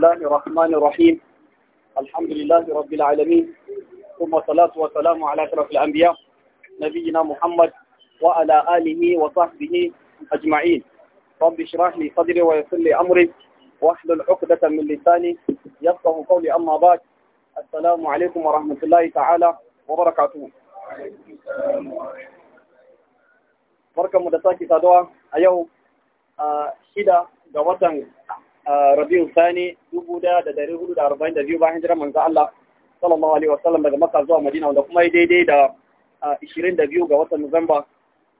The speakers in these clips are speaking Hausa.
الله الرحمن الرحيم الحمد لله رب العالمين ثم صلاة وسلام على أشرف الأنبياء نبينا محمد وعلى آله وصحبه أجمعين رب اشرح لي صدري ويسر لي أمري واحلل عقدة من لساني يفقه قولي أما بعد السلام عليكم ورحمة الله تعالى وبركاته barkanmu da sake saduwa a yau a shida ga watan rabiun sani dubu da da dari hudu da arba'in da biyu bayan hijirar manzo Allah sallallahu alaihi wasallam daga Makka zuwa Madina wanda kuma daidai da ishirin da biyu ga watan Nuwamba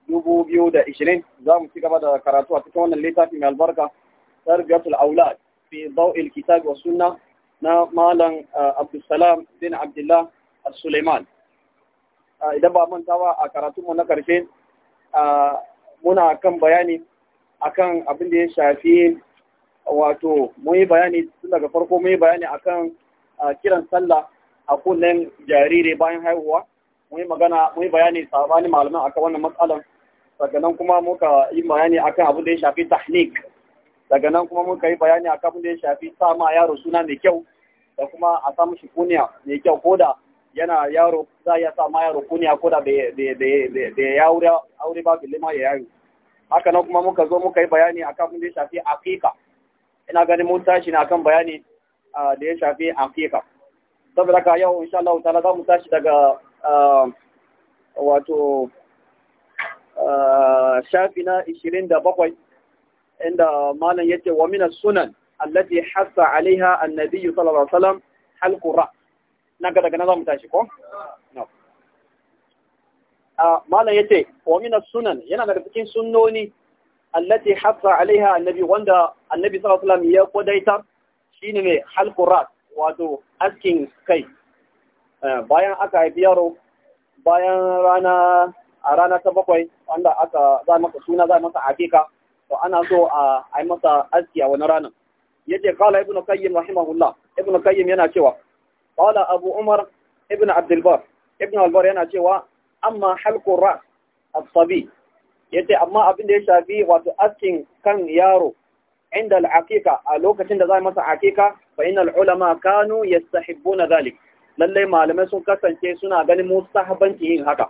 dubu biyu da ishirin za mu ci gaba da karatu a cikin wannan littafi mai albarka tarbiyatul aulad fi daw'il kitab wa sunna na malam Abdulsalam bin Abdullah al sulaiman idan ba mantawa a karatunmu na karshe muna kan bayani akan abin da ya shafi wato mun yi bayani tun daga farko mun yi bayani akan kiran sallah a kunnen jariri bayan haihuwa mun yi magana mun yi bayani sabani malaman akan wannan matsalan daga nan kuma muka yi bayani akan abin da ya shafi tahnik daga nan kuma muka yi bayani akan abin da ya shafi sa ma yaro suna mai kyau da kuma a samu shi kuniya mai kyau ko da yana yaro za ya sa ma yaro kuniya ko da bai ya aure ba bilima ya yayo haka nan kuma muka zo muka yi bayani akan abin da ya shafi aqiqa ina ganin mun tashi na kan bayani da ya shafi aqiqa saboda ka yau insha Allah ta'ala za mu tashi daga wato shafi na 27 inda malam yace wa mina sunan allati hasa alaiha annabi sallallahu alaihi wasallam halqu ra naga daga nan za mu tashi ko no malam yace wa mina sunan yana daga cikin sunnoni allati Hafsa alaiha annabi wanda annabi sallallahu alaihi wasallam ya kodaitar shine ne halqurat wato askin kai eh, bayan aka haifi yaro bayan rana a rana ta bakwai wanda aka za masa suna za masa hakika to ana so a ai masa aski a wani rana. yace qala ibn qayyim rahimahullah ibn qayyim yana cewa qala abu umar ibn abd ibn albar yana cewa amma halqu ras as-sabi ce amma abin da ya shafi wato askin kan yaro inda al a lokacin da za masa aqiqa fa innal ulama kanu na zalik lallai malamai sun kasance suna ganin mustahabanci yin haka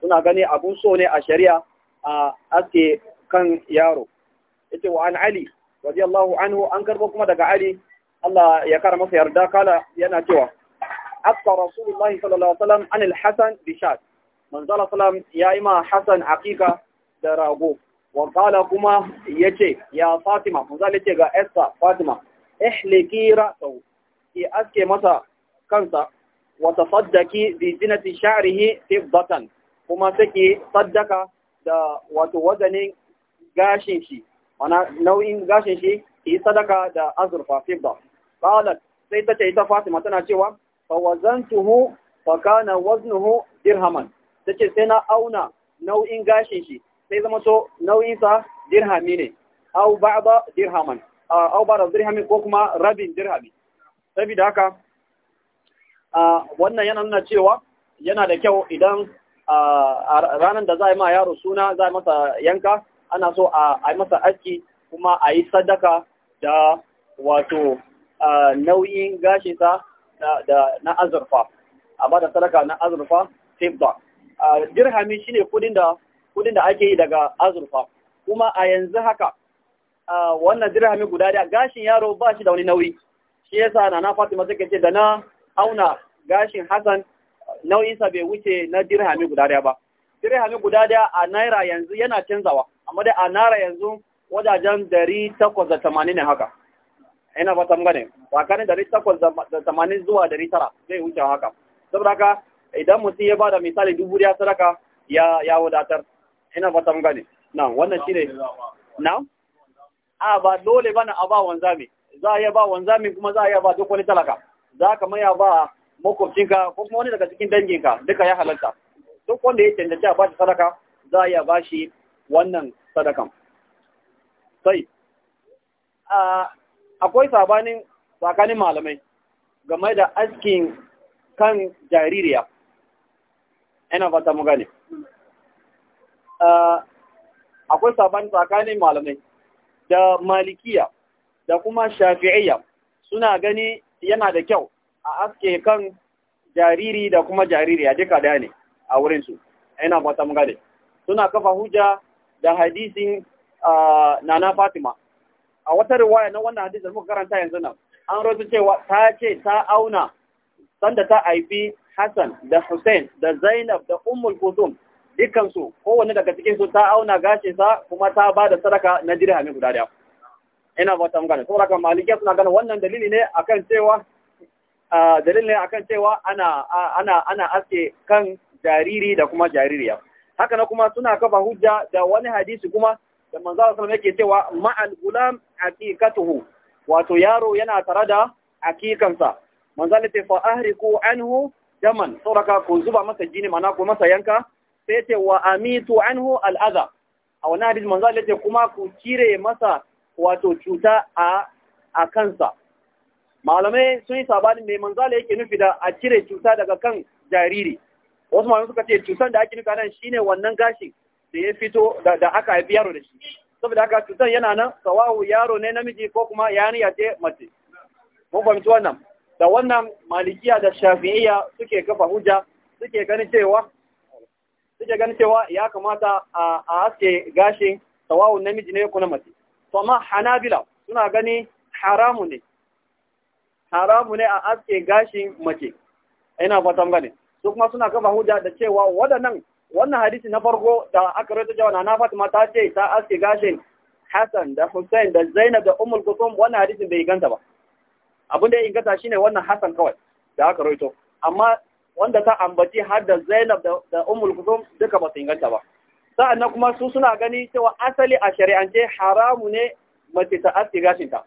suna gani abun so ne a shari'a a aske kan yaro yace wa an ali radiyallahu anhu an karbo kuma daga ali Allah ya kara masa yarda kala yana cewa akka rasulullahi sallallahu alaihi wasallam an al-hasan bi shad manzo sallallahu alaihi ma hassan akika da rago Wankala kuma ya ce ya Fatima manzo ce ga Esther Fatima ihliki ra'sahu ki aske masa kansa wata tasaddaki zinati sha'rihi fiddatan kuma take saddaka da wato wazanin gashin shi mana nau'in gashin shi yi sadaka da azurfa fidda qalat sai ta ce ita Fatima tana cewa fa tuhu fa kana waznuhu dirhaman ce sai na auna nau'in gashin shi sai zama to nauyinsa dirhami ne au ba'da dirhaman au ba'da dirhami ko kuma rabin dirhami saboda haka wannan yana nuna cewa yana da kyau idan ranar da za a yi ma yaro suna za a yi masa yanka ana so a yi masa aski kuma a yi sadaka da wato nauyin gashinsa na azurfa a ba da sadaka na azurfa fifda dirhami shine kudin da kudin da ake yi daga azurfa kuma a yanzu haka wannan dirhami guda da gashin yaro ba shi da wani nauyi shi yasa nana Fatima take ce da na auna gashin Hassan nauyinsa bai wuce na dirhami guda daya ba dirhami guda daya a naira yanzu yana canzawa amma dai a naira yanzu wajajen dari takwas da tamanin ne haka ina fata gane tsakanin dari takwas da tamanin zuwa dari tara zai wuce haka saboda haka idan mutum ya bada misali dubu daya sadaka ya wadatar ina fata mun gani. na wannan ne. na a ba dole bana a ba wanzami za a iya ba wanzami kuma za a iya ba duk wani talaka za ka maya ba makwabcinka ko kuma wani daga cikin danginka duka ya halarta duk wanda ya cancanci a bashi sadaka za a ba bashi wannan sadakan sai akwai sabanin tsakanin malamai game da askin kan jaririya ina fata mu gani. akwai sabani tsakanin malamai da malikiya da kuma shafi'iyya suna gani yana da kyau a aske kan jariri da kuma jariri. duka daya ne a wurinsu ina fata mun suna kafa hujja da hadisin nana fatima a wata riwaya na wannan hadisin muka karanta yanzu nan an rotu cewa ta ce ta auna sanda ta haifi hassan da hussein da zainab da ummul kutum dukkansu kowanne daga cikin su ta auna gashinsa kuma ta ba da sadaka na dirhami guda daya ina ba ta magana saboda kan malikiya suna gana wannan dalili ne akan cewa dalili ne akan cewa ana ana ana aske kan jariri da kuma jaririya haka na kuma suna kafa hujja da wani hadisi kuma da manzo sallallahu alaihi yake cewa ma'al gulam aqiqatuhu wato yaro yana tare da aqiqansa manzo ne fa ahriku anhu daman saboda ku zuba masa jini mana ko masa yanka sai ce wa amitu anhu al'aza a wani manzo Allah ce kuma ku cire masa wato cuta a kansa malamai sun yi sabanin mai manzo Allah yake nufi da a cire cuta daga kan jariri wasu malamai suka ce cutan da ake nuka nan shine wannan gashin da ya fito da aka haifi yaro da shi saboda haka cutan yana nan sawahu yaro ne namiji ko kuma ya ce mace mun fahimci wannan da wannan malikiya da shafi'iyya suke kafa hujja suke ganin cewa suke ganin cewa ya kamata a haske gashin tawawun namiji ne ko na mace to amma hanabila suna gani haramu ne haramu ne a haske gashin mace ina fatan gani. su kuma suna kafa hujja da cewa waɗannan wannan hadisi na farko da aka rawaito cewa na Fatima ta ce ta haske gashin Hassan da Hussein da Zainab da Ummul Kulthum wannan hadisin bai ganta ba abin da ya inganta shine wannan Hassan kawai da aka rawaito amma wanda ta ambaci har da Zainab da Ummul Kulthum duka ba su inganta ba sa'annan kuma su suna gani cewa asali a shari'ance haramu ne mace ta aske gashinta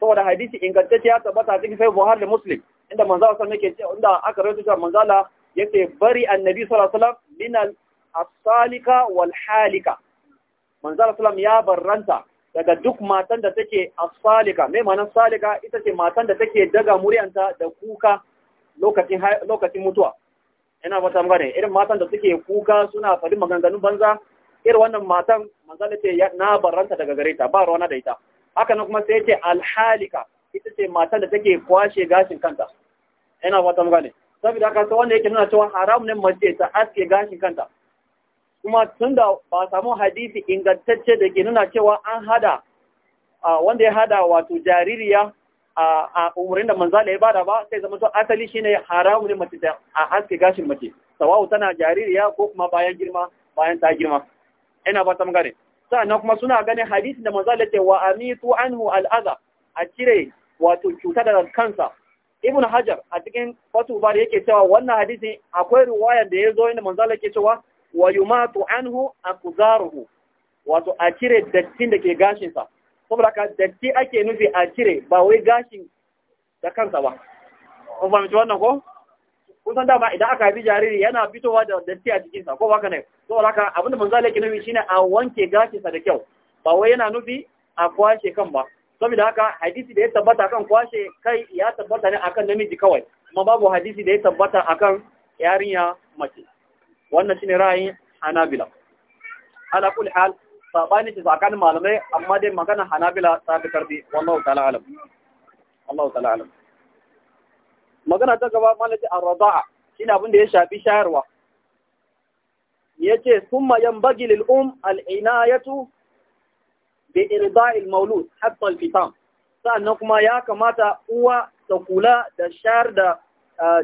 saboda hadisi ingantacce ya tabbata cikin sai Buhari da Muslim inda manzo sallallahu alaihi wasallam inda aka rawaito cewa manzo Allah yake bari annabi sallallahu alaihi wasallam min al-asalika wal halika manzo sallallahu ya barranta daga duk matan da take asalika mai ma'anar salika ita ce matan da take daga muryanta da kuka lokacin mutuwa ina wata magana irin matan da suke kuka suna faɗi maganganun banza irin wannan matan manzala ce na baranta daga gare ta ba rana da ita haka nan kuma sai ce alhalika ita ce matan da take kwashe gashin kanta ina wata magana saboda haka sai wanda yake nuna cewa haram ne mace ta aske gashin kanta kuma tunda ba samu hadisi ingantacce da ke nuna cewa an hada wanda ya hada wato jaririya a umarin da manzala ya bada ba sai zama to asali shine haramu ne mace a haske gashin mace sawa'u tana jaririya ko kuma bayan girma bayan ta girma ina ba ta magare sannan kuma suna ganin hadisi da manzala ce wa amitu anhu al'aza a cire wato cuta daga kansa ibn hajar a cikin fatu bar yake cewa wannan hadisi akwai riwaya da ya zo inda manzala ke cewa wa yumatu anhu akuzaruhu wato a cire dattin da ke gashinsa saboda ka datti ake nufi a cire ba wai gashin da kansa ba kun fahimci wannan ko kun san dama idan aka haifi jariri yana fitowa da datti a jikinsa ko ba ka ne saboda ka abin da manzo yake nufi shine a wanke gashinsa da kyau ba wai yana nufi a kwashe kan ba saboda haka hadisi da ya tabbata kan kwashe kai ya tabbata ne akan namiji kawai kuma babu hadisi da ya tabbata akan yarinya mace wannan shine ra'ayin Hanabila ala kulli hal sabani ce tsakanin malamai amma dai magana hanabila ta fi wallahu ta'ala alam wallahu ta'ala alam magana ta gaba malaci ar-rada'a shine abin da ya shafi shayarwa yace summa yanbaghi lil um al-inayatu bi irda'il mawlud hatta al-fitam sannan kuma ya kamata uwa ta kula da shayar da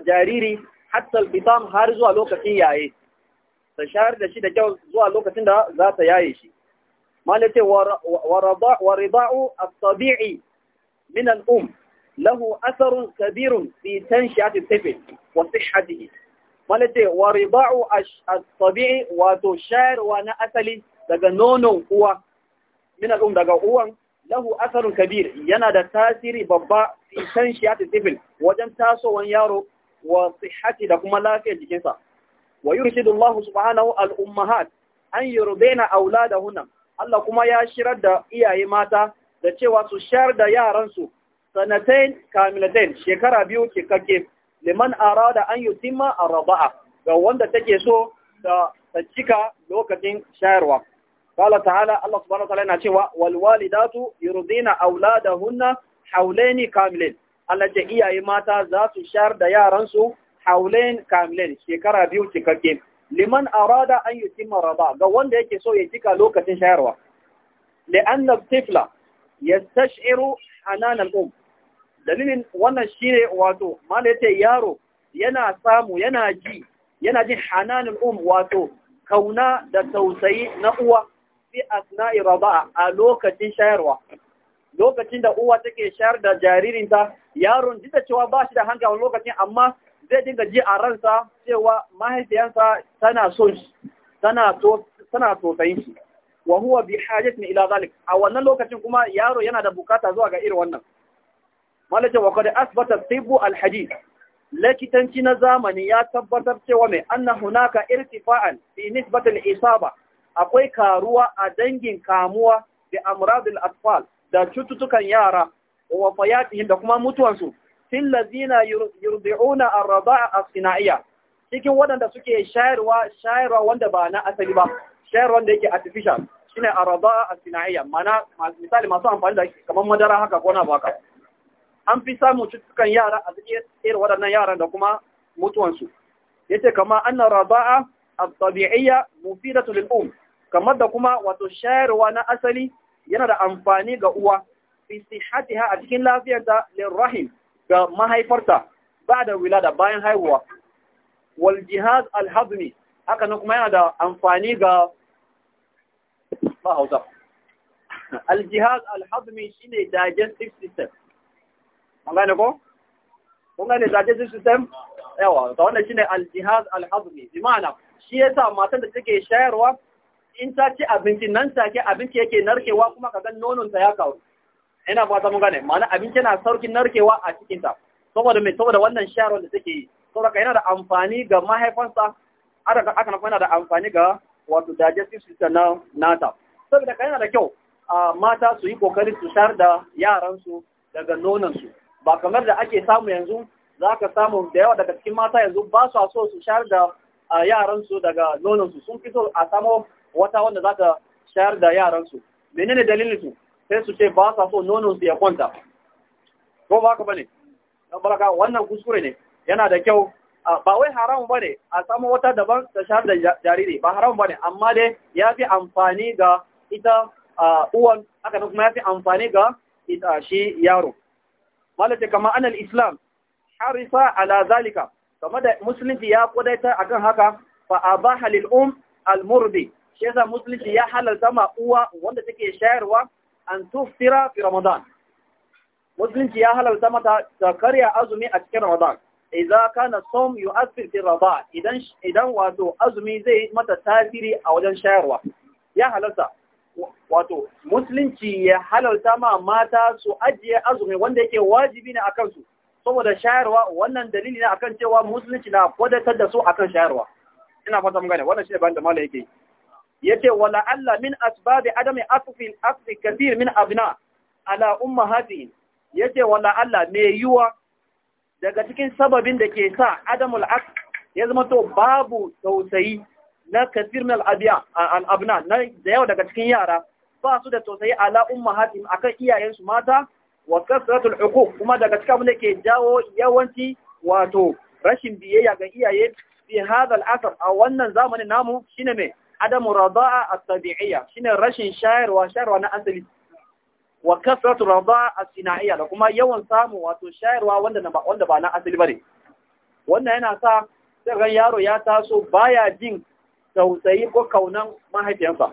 jariri hatta al-fitam har zuwa lokacin yaye ta shayar da shi da kyau zuwa lokacin da za ta yaye shi malace wa rida'u as-sabi'i min al-um lahu atharun kabirun fi tanshiyati tafi wa sihhatihi malace wa rida'u as-sabi'i wato wa na asali daga nono uwa min al-um daga uwan lahu asarun kabir yana da tasiri babba fi tanshiyati tafi wajen tasowan yaro wa sihhati da kuma lafiyar jikinsa wa yurshidu Allah subhanahu al-ummahat an yurdina auladahunna Allah kuma ya shirar da iyaye mata da cewa su shayar da yaransu sanatain kamilatain shekara biyu cikakke liman arada an yutimma arba'a ga wanda take so da ta cika lokacin shayarwa qala ta'ala Allah subhanahu wa ta'ala yana cewa wal walidatu yurdina auladahunna haulaini kamilain Allah ce iyaye mata za su shayar da yaransu haulain kamilain shekara biyu cikakke liman arada an yi cimma raba ga wanda yake so ya cika lokacin shayarwa li'anna tifla tashiru a al ɗin, um. dalilin wannan shine wato mana yace yaro yana samu yana ji yana jin hanan um wato kauna da tausayi na uwa fi asna'i raba a lokacin shayarwa lokacin da uwa take shayar da jaririnta yaron jita cewa ba shi da hankali lokacin amma zai dinga ji a ransa cewa mahaifiyarsa tana son shi tana so tana shi wa huwa bi hajatin ila zalik a wannan lokacin kuma yaro yana da bukata zuwa ga irin wannan malace wa qad asbata tibbu al hadith lakitanci na zamani ya tabbatar cewa mai anna hunaka irtifa'an fi nisbatil isaba akwai karuwa a dangin kamuwa da amradil atfal da cututtukan yara wa fayatihin da kuma mutuwansu fil lazina yurdi'una ar-rada'a as-sina'iyya cikin waɗanda suke shayarwa shayarwa wanda ba na asali ba shayarwa wanda yake artificial shine ar-rada'a as-sina'iyya mana misali masu amfani da kamar madara haka ko na baka an fi samun cututtukan yara a cikin irin waɗannan yaran da kuma mutuwansu yace kama anna rada'a at-tabi'iyya mufidatu lil-um kamar da kuma wato shayarwa na asali yana da amfani ga uwa fi sihhatiha a cikin lafiyarta lirrahim ga mahaifarta ba da wilada bayan haihuwa wal jihaz alhazmi haka nan kuma yana da amfani ga ba hausa al jihaz alhazmi shine digestive system an gane ko kun gane digestive system yawa ta wannan shine al jihaz alhazmi bi ma'ana shi yasa matan da take shayarwa in ta ci abinci nan take abinci yake narkewa kuma ka ga nononta ya kawo ina fata mun gane ma'ana abinci na saukin narkewa a cikin ta saboda mai saboda wannan sharon da take yi saboda yana da amfani ga mahaifansa aka aka yana da amfani ga wato digestive system na nata saboda yana da kyau mata su yi kokari su shar da yaransu daga nonansu ba kamar da ake samu yanzu za ka samu da yawa daga cikin mata yanzu ba su so su shayar da yaransu daga nonansu sun fito a samo wata wanda za ta shayar da yaransu menene dalilin su sai su ce ba sa so nonon su ya kwanta ko ba ka bane dan baraka wannan kuskure ne yana da kyau ba wai haramun bane a samu wata daban ta shahar da jariri ba haramun bane amma dai ya fi amfani ga ita uwan haka nan kuma ya fi amfani ga ita shi yaro malaka kama anal islam Harifa ala zalika kama da musulunci ya kudaita akan haka fa abaha um al murdi shi yasa musulunci ya halalta ma uwa wanda take shayarwa an tuftira fi Ramadan. Musulunci ya halarta mata ta karya azumi a cikin Ramadan. Iza kana som yu asir fi idan idan wato azumi zai mata tasiri a wajen shayarwa. Ya halarta wato musulunci ya halarta ma mata su ajiye azumi wanda yake wajibi ne akan su saboda shayarwa wannan dalili ne akan cewa musulunci na kwadatar da su akan shayarwa. Ina fata mun gane wannan shi ne bayan da mala yake yi. yace wala Allah min asbabi adami asfi asfi kathir min abna ala ummahati yace wala Allah Mai yuwa daga cikin sababin da ke sa adamul aq ya zama to babu tausayi na kathir min abiya al na da yawa daga cikin yara ba su da tausayi ala ummahati akan iyayensu mata wa kasratul uquq kuma daga cikin abin da ke jawo yawanci wato rashin biyayya ga iyaye fi hadha asr a wannan zamanin namu shine me adamu rada'a at-tabi'iyya shine rashin shayarwa shayarwa na asali wa kasratu rada'a sinaiyya da kuma yawan samu wato shayarwa wanda wanda ba na asali bane wannan yana sa sai ga yaro ya taso baya jin tausayi ko kaunan mahaifiyarsa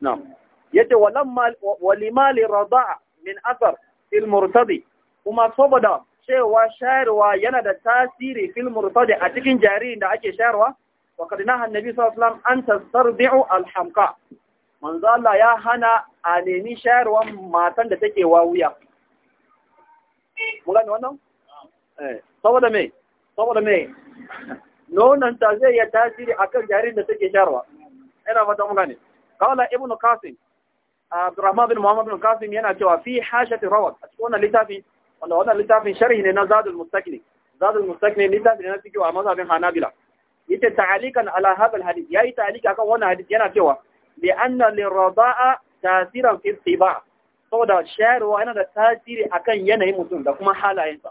na'am yace walamma walimali rada'a min athar fil murtadi kuma saboda cewa shayarwa yana da tasiri fil murtadi a cikin jaririn da ake shayarwa wa kadinaha annabi sallallahu alaihi wasallam an tasarbi'u ya hana a nemi shayarwa matan da take wawuya mun wannan saboda me saboda me nonon ta zai ya tasiri akan jaririn da take shayarwa ina fata ibnu qasim Abdurrahman bin Muhammad bin Qasim yana cewa fi hashati rawat a wannan littafin sharhi ne na Zadul Mustaqni Zadul Mustaqni littafi ne na cikin wa mazhabin Hanabila yace ta'alikan ala hadha Ya yayi ta'alika akan wannan hadith yana cewa bi anna lirada'a tasiran fi tiba saboda shayarwa yana da tasiri akan yanayin mutum da kuma halayensa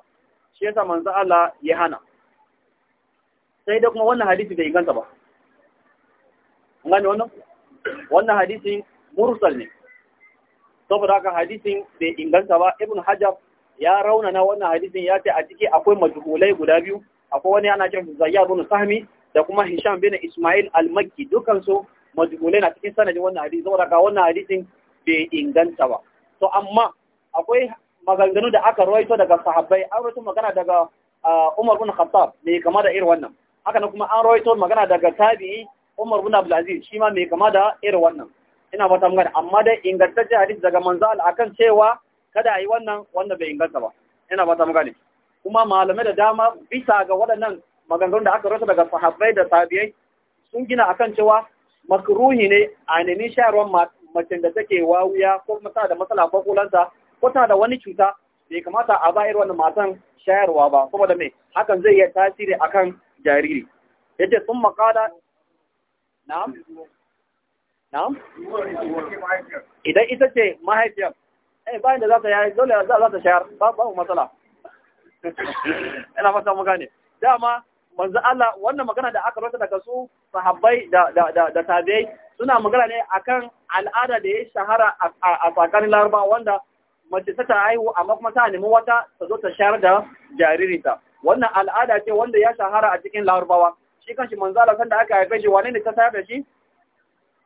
shi yasa manzo Allah ya hana sai da kuma wannan hadith bai inganta ba ngani wannan wannan hadith mursal ne saboda ka hadith bai inganta ba ibn hajar ya raunana wannan hadisin ya ce a ciki akwai majhulai guda biyu akwai wani ana kiran Zayya bin Sahmi da kuma Hisham bin Ismail al-Makki dukan su majhulai na cikin sanadin wannan hadisi saboda ga wannan hadisin bai inganta ba to amma akwai maganganu da aka rawaito daga sahabbai an rawaito magana daga ah, Umar bin Khattab mai kama da irin wannan haka na kuma an rawaito magana daga tabi'i Umar bin Abdul Aziz shi ma mai kama da irin wannan ina fata mun amma dai ingantaccen hadisi daga manzo Allah akan cewa kada a yi wannan wanda bai inganta ba ina fata mun kuma malamai da dama bisa ga waɗannan maganganun da aka rasa daga sahabbai da sabiyai sun gina akan cewa makruhi ne a nemi shayarwar macen da take wawuya ko mata da matsala ko kulanta ko tana da wani cuta bai kamata a bayar wannan matan shayarwa ba saboda me hakan zai iya tasiri akan jariri yace sun makala na'am na'am idan ita ce mahaifiyar eh bayan da za ta yi dole za ta shayar babu matsala ina fata mu gane dama manzo Allah wannan magana da aka rasa daga su sahabbai da da da tabi'ai suna magana ne akan al'ada da ya shahara a tsakanin Laraba wanda mace ta haihu amma kuma ta nemi wata ta zo ta shayar da jaririnta wannan al'ada ce wanda ya shahara a cikin Larabawa shi kanshi manzo Allah sanda aka haife shi wane ne ta shayar da shi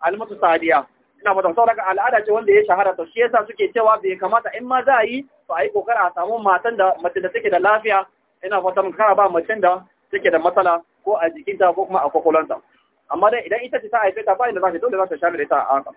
almutu sadiya ina mata daga al'ada ce wanda ya shahara to shi yasa suke cewa bai kamata in ma za a yi to a yi kokara a samu matan da mace da take da lafiya ina fata mun kara ba mace da take da matsala ko a jikinta ko kuma a kwakwalwanta amma dai idan ita ce ta haife ta ba inda za ta dole za ta shafe ta a haka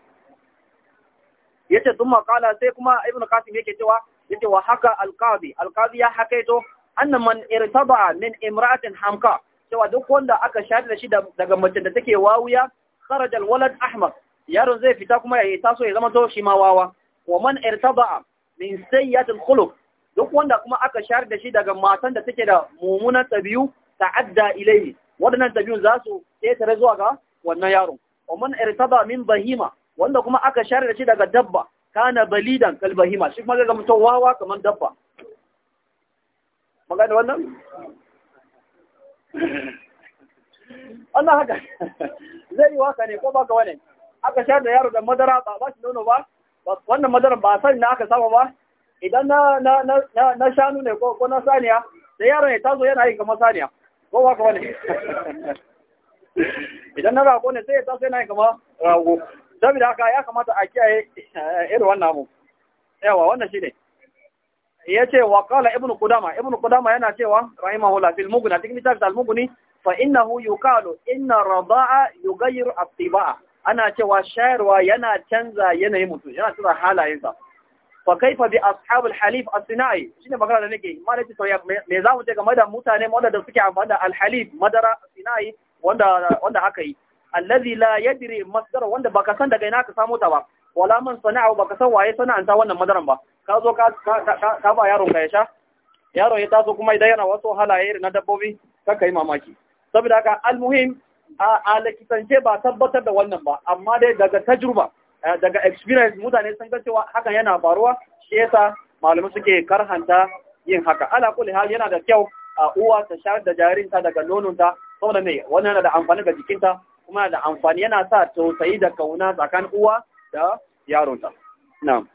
yace sun makala sai kuma ibnu qasim yake cewa yace wa haka alqadi alqadi ya hakaito anna man irtaba min imra'atin hamka cewa duk wanda aka shafe da shi daga mace da take wawuya kharaj alwalad ahmar yaron zai fita kuma ya taso ya zama to shi ma wawa wa man irtaba min sayyi'atil khuluq duk wanda kuma aka shahar da shi daga matan da take da mummunan tabi'u ta'adda ilayhi waɗannan tabi'un za su ƙetare zuwa ga wannan yaron ومن ارتضى min bahima, wanda kuma aka share da shi daga dabba kana balidan kal bahima shi kuma zai zama wawa kaman dabba magana wannan Allah haka zai yi waka ne ko baka wani aka share da yaro da madara ba ba shi nono ba wannan madara ba san na aka saba ba idan na na na na shanu ne ko ko na saniya da yaron ya tazo yana yi kamar saniya ko ba ka wani idan na rago ne sai ya taso yana kama rago saboda haka ya kamata a kiyaye eh, irin wannan abu yawa wannan shine ya ce wa kala ibnu kudama ibnu kudama yana cewa rahimahullah fil mughni cikin kitab al mughni fa innahu yuqalu inna radaa yughayyiru at-tibaa ana cewa shayarwa yana canza yanayin mutum yana canza halayensa fa kaifa bi ashabul halif as-sina'i shine magana da nake ma nake sauya me za mu ce game da mutane wanda suke amfani da al-halif madara sina'i wanda wanda aka yi Alladhi la yadri masdar wanda baka san daga ina ka samu ta ba wala man sana'a baka san waye sana'anta wannan madaran ba ka zo ka ka ba yaron ka ya sha yaron ya taso kuma idan yana wasu halaye na dabbobi kaka yi mamaki saboda haka almuhim a alakitance ba tabbatar da wannan ba amma dai daga tajruba Eh, daga experience mutane sun ga cewa hakan yana faruwa shi yasa malamai suke karhanta yin haka ala kulli hal yana da kyau a uwa ta shayar da jaririnta daga nononta saboda me wannan yana da amfani ga jikinta kuma yana da amfani yana sa tausayi da kauna tsakanin uwa da yaronta na'am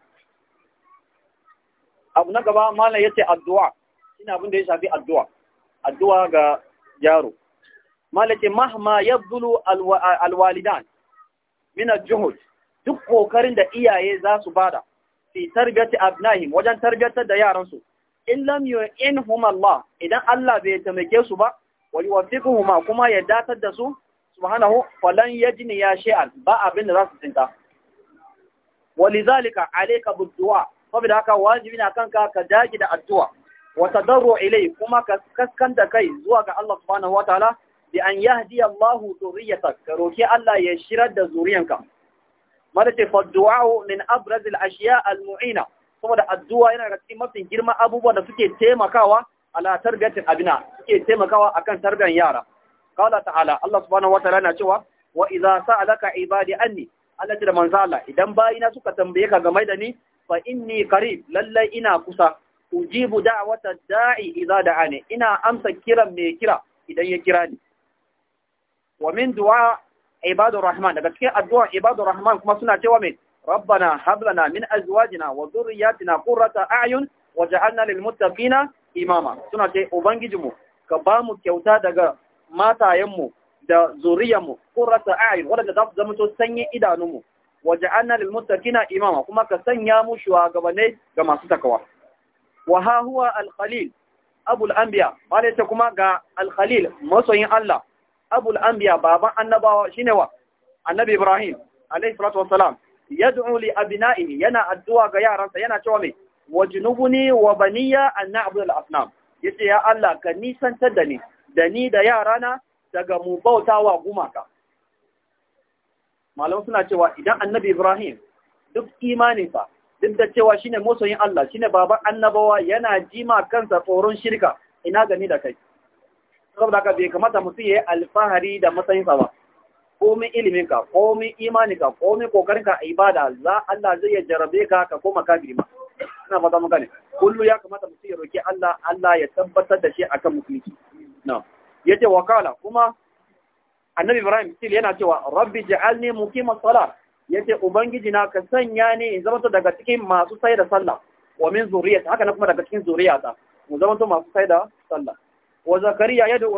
abu na gaba malam yace addu'a ina abin da ya shafi addu'a addu'a ga yaro malam yace mahma yabdulu alwalidan min Juhud. duk kokarin da iyaye za su bada fi tarbiyati abnahim wajen tarbiyatar da yaransu in lam yu'inhum Allah idan Allah bai taimake su ba wani yuwaffiquhuma kuma ya datar da su subhanahu falan yajni ya shay'an ba abin da za su tsinta walizalika alayka biddu'a saboda haka wajibi na kanka ka dage da addu'a wa tadarru ilai kuma ka kaskanta kai zuwa ga Allah subhanahu wataala bi an yahdi allahu zurriyatak ka roki Allah ya shirar da zuriyanka mala ce faddu'a'u min abraz al-ashiya al-mu'ina saboda addu'a yana da cikin mafi girma abubuwan da suke taimakawa ala tarbiyatin abina suke taimakawa akan tarbiyan yara qala ta'ala Allah subhanahu wataala yana cewa wa idza sa'alaka ibadi anni Allah ce da manzo Allah idan bayina suka tambaye ka game da ni fa inni qarib lallai ina kusa ujibu da'wata da'i idza da'ani ina amsa kiran mai kira idan ya kira ni wa min du'a ibadur rahman daga cikin addu'a ibadur rahman kuma suna cewa mai rabbana hablana min azwajina wa dhurriyyatina qurrata a'yun waj'alna lil muttaqina imama suna ce ubangijinmu ka ba mu kyauta daga matayenmu da zuriyarmu qurrata a'yun wadanda za zamu zama to sanyin idanunmu waj'alna lil muttaqina imama kuma ka sanya mu shugabanne ga masu takawa wa ha huwa al khalil abul anbiya malai kuma ga al khalil masoyin Allah abul anbiya baban annabawa shine wa annabi ibrahim alayhi salatu wassalam yad'u li abna'ihi yana addu'a ga yaransa yana cewa mai wajnubuni wa baniya an na'budu al-asnam yace ya Allah ka nisantar da ni da ni da yarana daga mu bautawa gumaka malam suna cewa idan annabi ibrahim duk imaninsa duk da cewa shine masoyin Allah shine baban annabawa yana jima kansa tsoron shirka ina gani da kai saboda haka bai kamata mutum ya yi alfahari da matsayinsa ba komi iliminka komi imaninka komi kokarinka a ibada za Allah zai ya jarabe ka ka koma ka ma ina fata maka ne kullu ya kamata mutum ya roki Allah Allah ya tabbatar da shi akan musulunci na yace wakala kuma annabi Ibrahim still yana cewa rabbi ja'alni muqima salat yace ubangiji na ka sanya ni in zama daga cikin masu sai da sallah wa min zuriyati haka na kuma daga cikin zuriyata mu zama masu sai da sallah wa zakariya ya da'u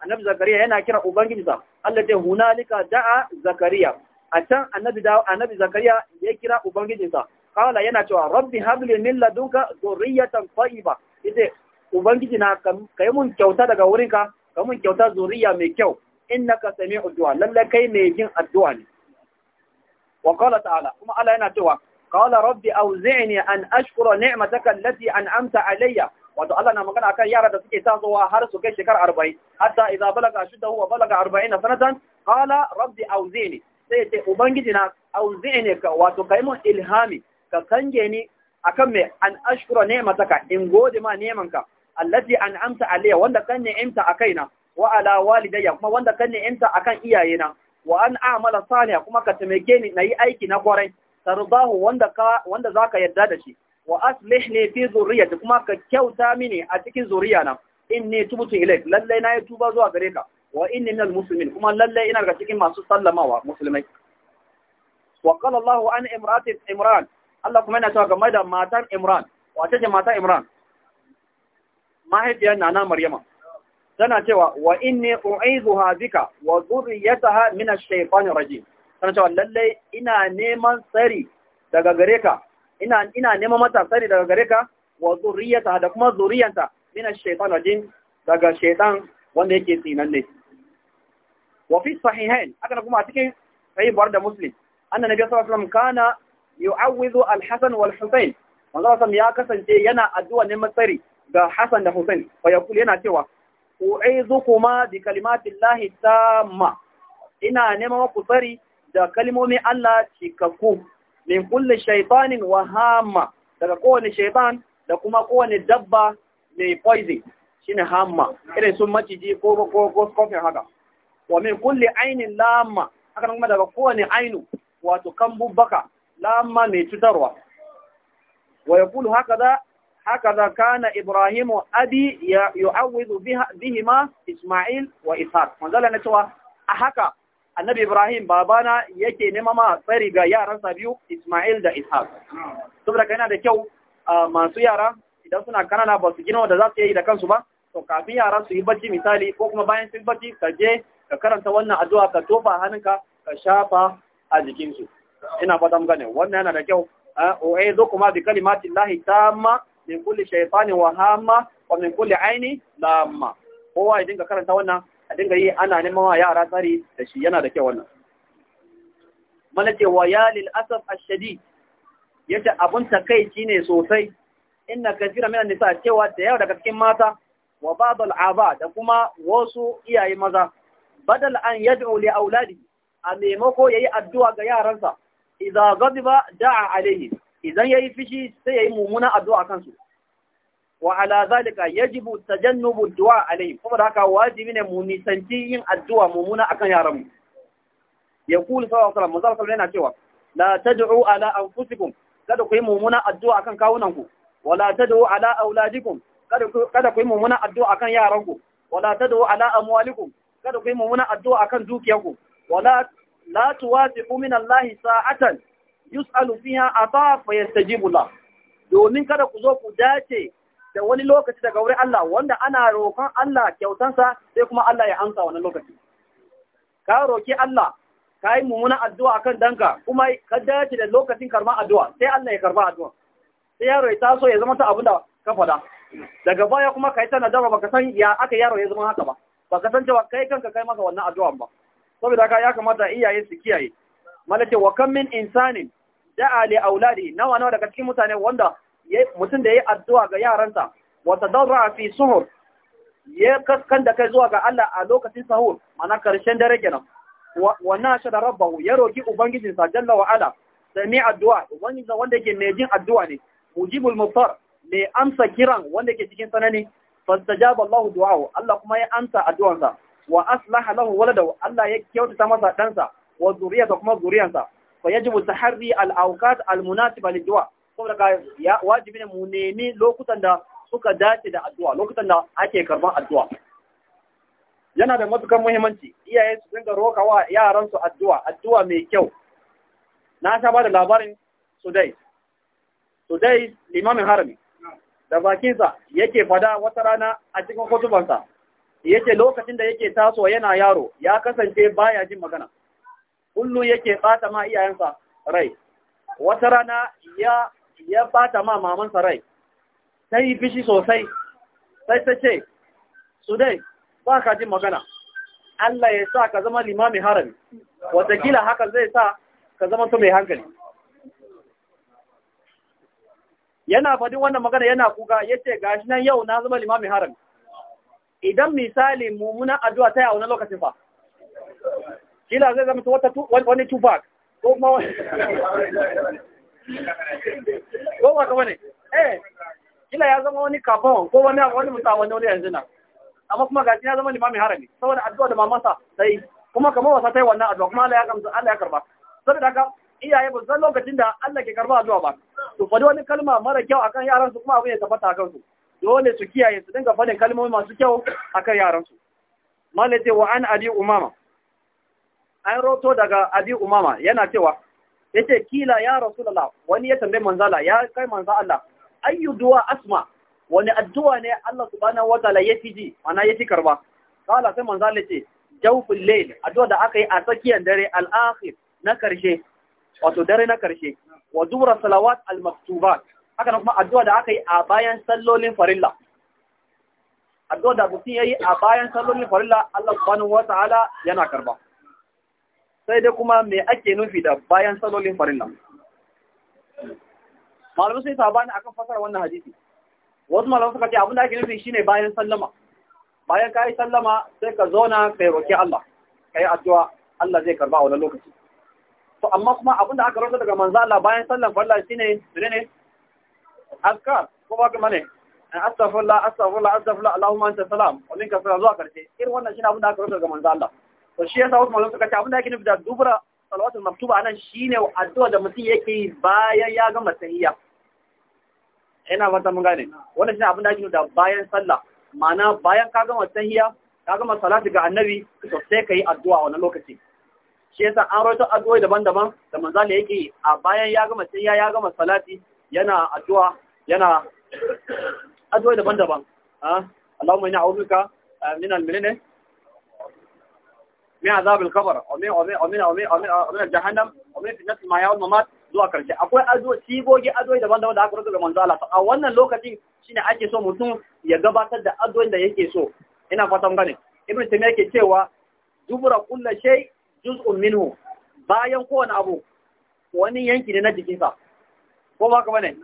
annabi zakariya yana kira ubangijinsa Allah ta hunalika da'a zakariya a can annabi da annabi zakariya ya kira ubangijinsa qala yana cewa rabbi habli min ladunka dhurriyatan tayyiba ite ubangiji na kai mun kyauta daga wurinka ka mun kyauta zuriya mai kyau innaka sami'u du'a lalle kai mai jin addu'a ne wa qala ta'ala kuma Allah yana cewa qala rabbi awzi'ni an ashkura ni'mataka allati an'amta alayya wato Allah na magana akan yara da suke tasowa har su kai shekar arbain hatta idza balaga shuddahu wa balaga 40 sanatan qala rabbi auzini sai ya ce ubangiji na auzini ka wato kai mun ilhami ka kange ni akan me an ashkura ni'mataka in gode ma neman ka allati an'amta alayya wanda kan ni'imta akaina wa ala walidayya kuma wanda kan ni'imta akan iyayena wa an a'mala salihan kuma ka taimake ni nayi aiki na kwarai tardahu wanda ka wanda zaka yarda da shi wa aslih ne fi zurriyati kuma ka kyauta mini a cikin zuriya na inni tubtu ilaik lalle na tuba zuwa gare ka wa inni minal muslimin kuma lalle ina daga cikin masu sallamawa musulmai wa qala Allah an imrati Imran Allah kuma yana cewa game da matan Imran wace ce matar Imran mahaifiyar nana Maryama tana cewa wa inni u'izuha bika wa dhurriyyataha min ash-shaytanir rajim tana cewa lalle ina neman tsari daga gare ka ina ina neman mata sani daga gare ka wa zuriyata da kuma zuriyanta min ash-shaytan rajim daga shaytan wanda yake tsinan ne wa fi sahihain aka kuma a cikin sahih bukhari da muslim anna nabiy sallallahu alaihi wasallam kana yu'awwidhu al-hasan wal husayn manzo sallam ya kasance yana addu'a neman tsari ga hasan da husayn fa yaqul yana cewa kuma bi kalimatillahi tamma ina neman ku tsari da kalmomin Allah cikakku min kulli shaytanin wa hama takakuwa ni shaytan da kuma kuwa ni dabba mai poison shine hamma irin sun maciji ko ko ko kofin haka wa min kulli ainin lama haka kuma daga ni ainu wato kambu baka lamma mai cutarwa wa yaqulu hakaza hakaza kana ibrahim abi ya yu'awidhu biha bihima isma'il wa ishaq manzala na cewa haka annabi Ibrahim babana yake nema ma tsari ga yaransa biyu Ismail da Ishaq saboda kana da kyau masu yara idan suna kanana ba su gina wanda za su yi da kansu ba to kafin yara su yi bacci misali ko kuma bayan su yi bacci ka je ka karanta wannan addu'a ka tofa hannunka ka shafa a jikinsu ina fata mun gane wannan yana da kyau o ai zo kuma bi kalimatin lahi tamma min kulli shaytanin wa hamma wa min kulli aini lamma kowa ya dinga karanta wannan a dinga yi ana neman wa yara tsari da shi yana da kyau wannan mana ce wa ya lil asaf ashadi yace abun takaici ne sosai inna kathira minan nisa cewa da yawa daga cikin mata wa ba'd aba da kuma wasu iyaye maza badal an yad'u li auladi a maimako yayi addu'a ga yaransa idza ghadiba da'a alaihi idan yayi fishi sai yayi mumuna addu'a kansu wa ala zalika yajibu tajannubu du'a alayhi kuma da haka wajibi ne mu nisanci yin addu'a mumuna akan yaran mu yaqulu sallallahu alaihi wasallam sallallahu yana cewa la tad'u ala anfusikum kada ku yi mumuna addu'a akan kawunan ku wala tad'u ala auladikum kada ku kada ku yi mumuna addu'a akan yaran ku wala tad'u ala amwalikum kada ku yi mumuna addu'a akan dukiyanku wala la tuwafiqu min allahi sa'atan yus'alu fiha ata fa yastajibu la domin kada ku zo ku dace da wani lokaci daga wurin Allah wanda ana roƙon Allah kyautansa sai kuma Allah ya amsa wannan lokaci ka roƙi Allah ka yi mummunan addu'a akan danka kuma ka dace da lokacin karma addu'a sai Allah ya karba addu'a sai yaro ya taso ya zama ta abin da ka faɗa daga baya kuma kai tana dama baka san ya aka yaro ya zama haka ba baka san cewa kai kanka kai masa wannan addu'a ba saboda haka ya kamata iyaye su kiyaye malaka wa kam min insanin da'a li auladi nawa nawa daga cikin mutane wanda mutum da ya yi addu'a ga yaransa wata tadarra fi suhur ya kaskan da kai zuwa ga Allah a lokacin sahur mana karshen dare kenan wa nasha da rabbahu ya roki ubangijinsa jalla wa sami addu'a ubangijinsa wanda ke mai jin addu'a ne mujibul mufar mai amsa kiran wanda ke cikin sanani fastajaba Allahu du'ahu Allah kuma ya amsa addu'ansa wa aslaha lahu waladahu Allah ya kyautata masa dansa wa da kuma zuriyansa fa yajibu taharri al-awqat al-munasiba lid-du'a saboda ka wajibi ne mu nemi lokutan da suka dace da addu'a lokutan da ake karban addu'a yana da matukar muhimmanci iyaye su dinga rokawa yaran su addu'a addu'a mai kyau na sha ba da labarin sudai sudai limamin harami da bakinsa yake fada wata rana a cikin kutubansa yake lokacin da yake taso yana yaro ya kasance baya jin magana kullu yake bata ma iyayensa rai wata rana ya ya bata ma maman sarai ta yi fishi sosai sai ta ce su dai ba ka jin magana Allah ya sa ka zama limamin harami watakila haka zai sa ka zama su mai hankali yana faɗin wannan magana yana kuka ya ce gashi nan yau na zama limamin harami idan misali mummunan addu'a ta yawon lokacin fa kila zai zama wani tufak ko kuma wani ko ba ka bane eh kila ya zama wani kafon ko wani wani musamman wani yanzu na amma kuma gashi ya zama limamin harami saboda addu'a da mamansa sai kuma kamar wasa ta yi wannan addu'a kuma Allah ya kamsa Allah ya karba saboda haka iyaye ba san lokacin da Allah ke karba addu'a ba to faɗi wani kalma mara kyau akan yaran su kuma abin ya tabbata akan su dole su kiyaye su dinga faɗin kalmomi masu kyau akan yaran su malai ce wa an abi umama an roto daga abi umama yana cewa yace kila ya rasulullah wani ya tambaye manzo Allah ya kai manzo Allah ayu du'a asma wani addu'a ne Allah subhanahu ta'ala yafi ji ana yafi karba kala sai manzo Allah ce jawful layl addu'a da aka yi a tsakiyar dare al-akhir na karshe wato dare na karshe wa dubra salawat al-maktubat haka kuma addu'a da aka yi a bayan sallolin farilla addu'a da mutum yi a bayan sallolin farilla Allah subhanahu ta'ala yana karba sai dai kuma me ake nufi da bayan salolin farin nan. malamu sai sabani akan fasara wannan hadisi wasu malamu suka ce abin da ake nufi shine bayan sallama bayan ka yi sallama sai ka zauna kai roƙi Allah ka yi addu'a Allah zai karba a wannan lokaci to amma kuma abin da aka rasa daga manzo Allah bayan sallan farilla shine ne? azkar ko ba kuma ne astaghfirullah astaghfirullah astaghfirullah Allahumma anta salam wa minka salam zuwa karshe irin wannan shine abin da aka rasa daga manzo Allah to shi sa wasu malamai suka ce abin da ake nufi da dubura salawatul maktuba nan shine addu'a da mutum yake yi bayan ya gama sahiya. ina fata mun gane wannan shine abin da yake nufi da bayan sallah ma'ana bayan ka gama sahiya, ka gama salati ga annabi to sai ka yi addu'a wannan lokaci shi sa an rawaito addu'o'i daban-daban da manzo ne yake a bayan ya gama sahiya, ya gama salati yana addu'a yana addu'o'i daban-daban ah Allahumma inna a'udhuka ah, min al-minne min azabil kabar omin omin omin omin omin jahannam omin fitnatul mahya wal mamat zuwa karshe akwai azo sigogi azoyi daban-daban da aka rubuta ga manzo Allah a wannan lokacin shine ake so mutum ya gabatar da azoyin da yake so ina fatan gane ibnu taymiya yake cewa dubura kullu shay juz'un minhu bayan kowane abu wani yanki ne na jikinsa ko ba ka bane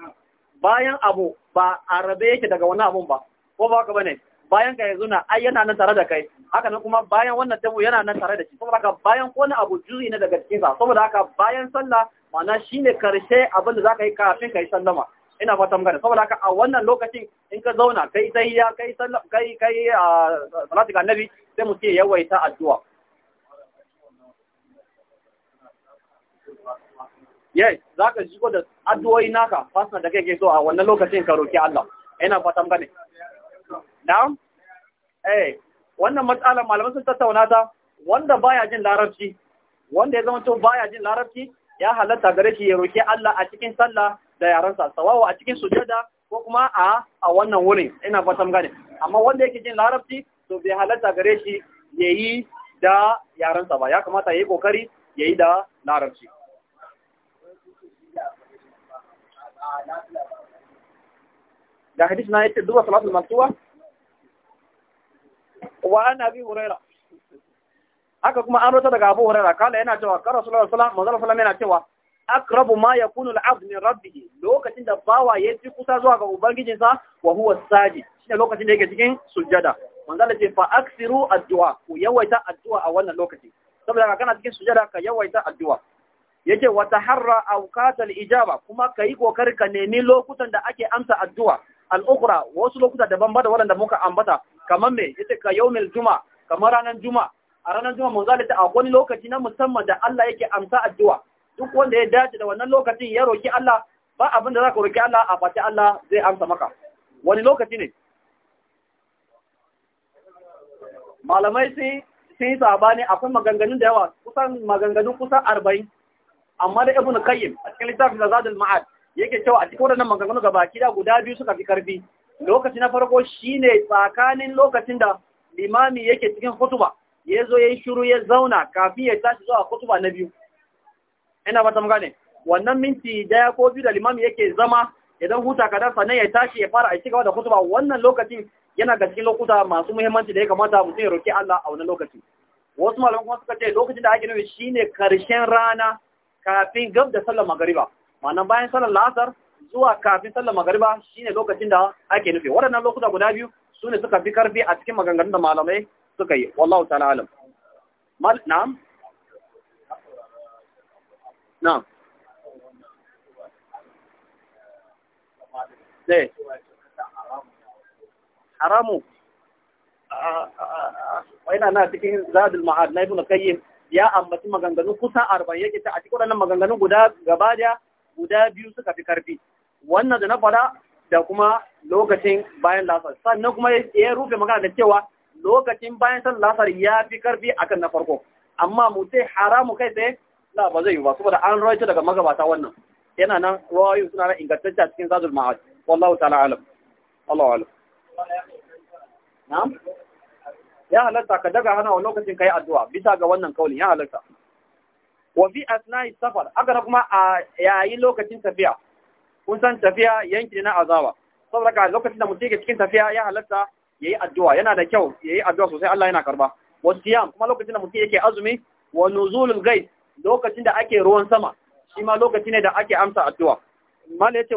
bayan abu ba arabe yake daga wani abun ba ko ba ka bane bayan ka yanzu na ai yana nan tare da kai haka nan kuma bayan wannan tabu yana nan tare da shi saboda haka bayan kona abu juzi ne daga cikin sa saboda haka bayan sallah ma'ana shine karshe abin da zaka yi kafin kai sallama ina fata mun gane saboda haka a wannan lokacin in ka zauna kai ah, ya kai sallah kai kai salatu ga nabi sai mu ce yawaita addu'a yes zaka shigo da addu'o'i naka fasna da kake so a wannan lokacin ka roki Allah ina fata mun gane na'am eh wannan matsalar malaman sun tattauna ta wanda baya jin larabci wanda ya zama to baya jin larabci ya halatta gare shi ya roƙi Allah a cikin sallah da yaransa sawawa a cikin sujada ko kuma a a wannan wurin ina fatan gane amma wanda yake jin larabci to bai halatta gare shi yi da yaransa ba ya kamata yayi ya yi da larabci da hadisi na yake duba salatul maktuba wa an abi huraira haka kuma an rota daga abu huraira kala yana cewa kan rasulullahi sallallahu alaihi wasallam yana cewa akrabu ma yakunu al-abd min rabbih lokacin da bawa ya ji kusa zuwa ga ubangijinsa wa huwa sajid shine lokacin da yake cikin sujjada manzala ce fa aksiru addu'a ku yawaita addu'a a wannan lokaci saboda ka kana cikin sujjada ka yawaita addu'a yake wa taharra awqatal ijaba kuma kai kokari ka nemi lokutan da ake amsa addu'a al'ukura wasu lokuta daban ba da waɗanda muka ambata kamar me ita ka mil juma kamar ranar juma a ranar juma mun zalita a wani lokaci na musamman da Allah yake amsa addu'a duk wanda ya dace da wannan lokacin ya roki Allah ba abin da za ka roki Allah a fati Allah zai amsa maka wani lokaci ne malamai sun sai sabani akwai maganganun da yawa kusan maganganun kusan 40 amma da ibnu qayyim a cikin littafin zadul ma'ad yake cewa a cikin waɗannan maganganu ga baki da guda biyu suka fi karfi lokaci na farko shine tsakanin lokacin da limami yake cikin hutuba ya zo ya yi shiru ya zauna kafin ya tashi zuwa kutuba na biyu ina ba ta gane wannan minti daya ko biyu da limami yake zama idan huta kadar sannan ya tashi ya fara a ci gaba da kutuba. wannan lokacin yana ga cikin lokuta masu muhimmanci da ya kamata mutum ya roki Allah a wannan lokaci wasu malaman kuma suka ce lokacin da ake nufi shine karshen rana kafin gab da sallar magariba ma'ana bayan sallar la'asar zuwa kafin sallar magariba shine lokacin da ake nufi waɗannan lokuta guda biyu su ne suka fi karfi a cikin maganganun da malamai suka yi wallahu ta'ala alam na'am na'am haramu yana na cikin zadul ma'ad na ibn qayyim ya ambaci maganganu kusan 40 yake ta a cikin waɗannan maganganun guda gaba daya guda biyu suka fi karfi wannan da na fada da kuma lokacin bayan lasar sannan kuma ya rufe magana da cewa lokacin bayan san lasar ya fi karfi akan na farko amma mu sai haramu kai sai la ba zai yi ba saboda an rawaito daga magabata wannan yana nan rawayu suna nan ingantacce cikin zazul ma'ad wallahu ta'ala alam Allahu alam na'am ya halatta ka daga hana wa lokacin kai addu'a bisa ga wannan kaulin ya halatta wa fi asna'i safar aka na kuma a yayin lokacin tafiya kun san tafiya yanki na azaba saboda ka lokacin da mutum yake cikin tafiya ya halatta yayi addu'a yana da kyau yayi addu'a sosai Allah yana karba wa siyam kuma lokacin da mutum yake azumi wa nuzulul gais lokacin da ake ruwan sama shi ma lokaci ne da ake amsa addu'a mal yace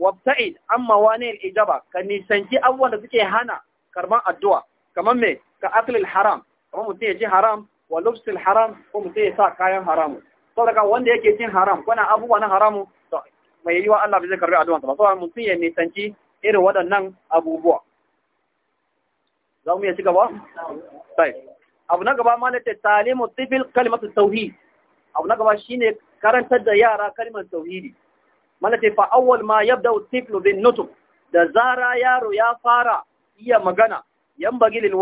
wabta'id amma wani ijaba ka nisanci abubuwan da suke hana karban addu'a kamar me ka aklil haram kamar mutum ya ci haram wa lubsul haram ko sai ya sa kayan haramu saboda wanda yake cin haram kuna abubuwa na haramu to mai yiwa Allah bai zai karbi addu'a ba saboda mutum ya tanci irin waɗannan abubuwa za mu iya ci gaba sai abu na gaba ma ne ta talimu tifil kalimatu tauhid abu na gaba shine karantar da yara kalmar tauhidi mana ce fa awwal ma yabda tiflu bin nutq da zara yaro ya fara iya magana yan bagi lil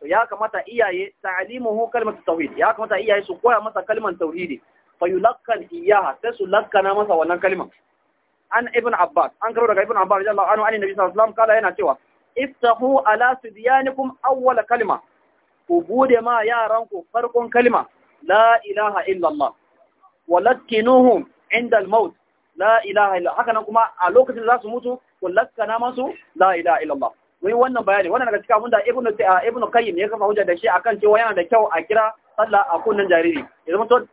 to ya kamata iyaye ta'limuhu kalmatu tauhid ya kamata iyaye su koya masa kalman tauhidi fa yulakkan iyaha sai su lakkana masa wannan kalman an ibn abbas an karo daga ibn abbas radiyallahu anhu annabi kala yana cewa iftahu ala sudyanikum awwala Kalima. ku bude ma yaranku farkon kalima, la ilaha illallah walakkinuhum inda al la ilaha illa haka kuma a lokacin da za su mutu ku na masu la ilaha illallah wai wannan bayani wannan daga cikin abin da ibnu ah, ibnu qayyim ya kafa hujja da shi akan cewa yana da kyau a kira sallah a kunnan jariri idan to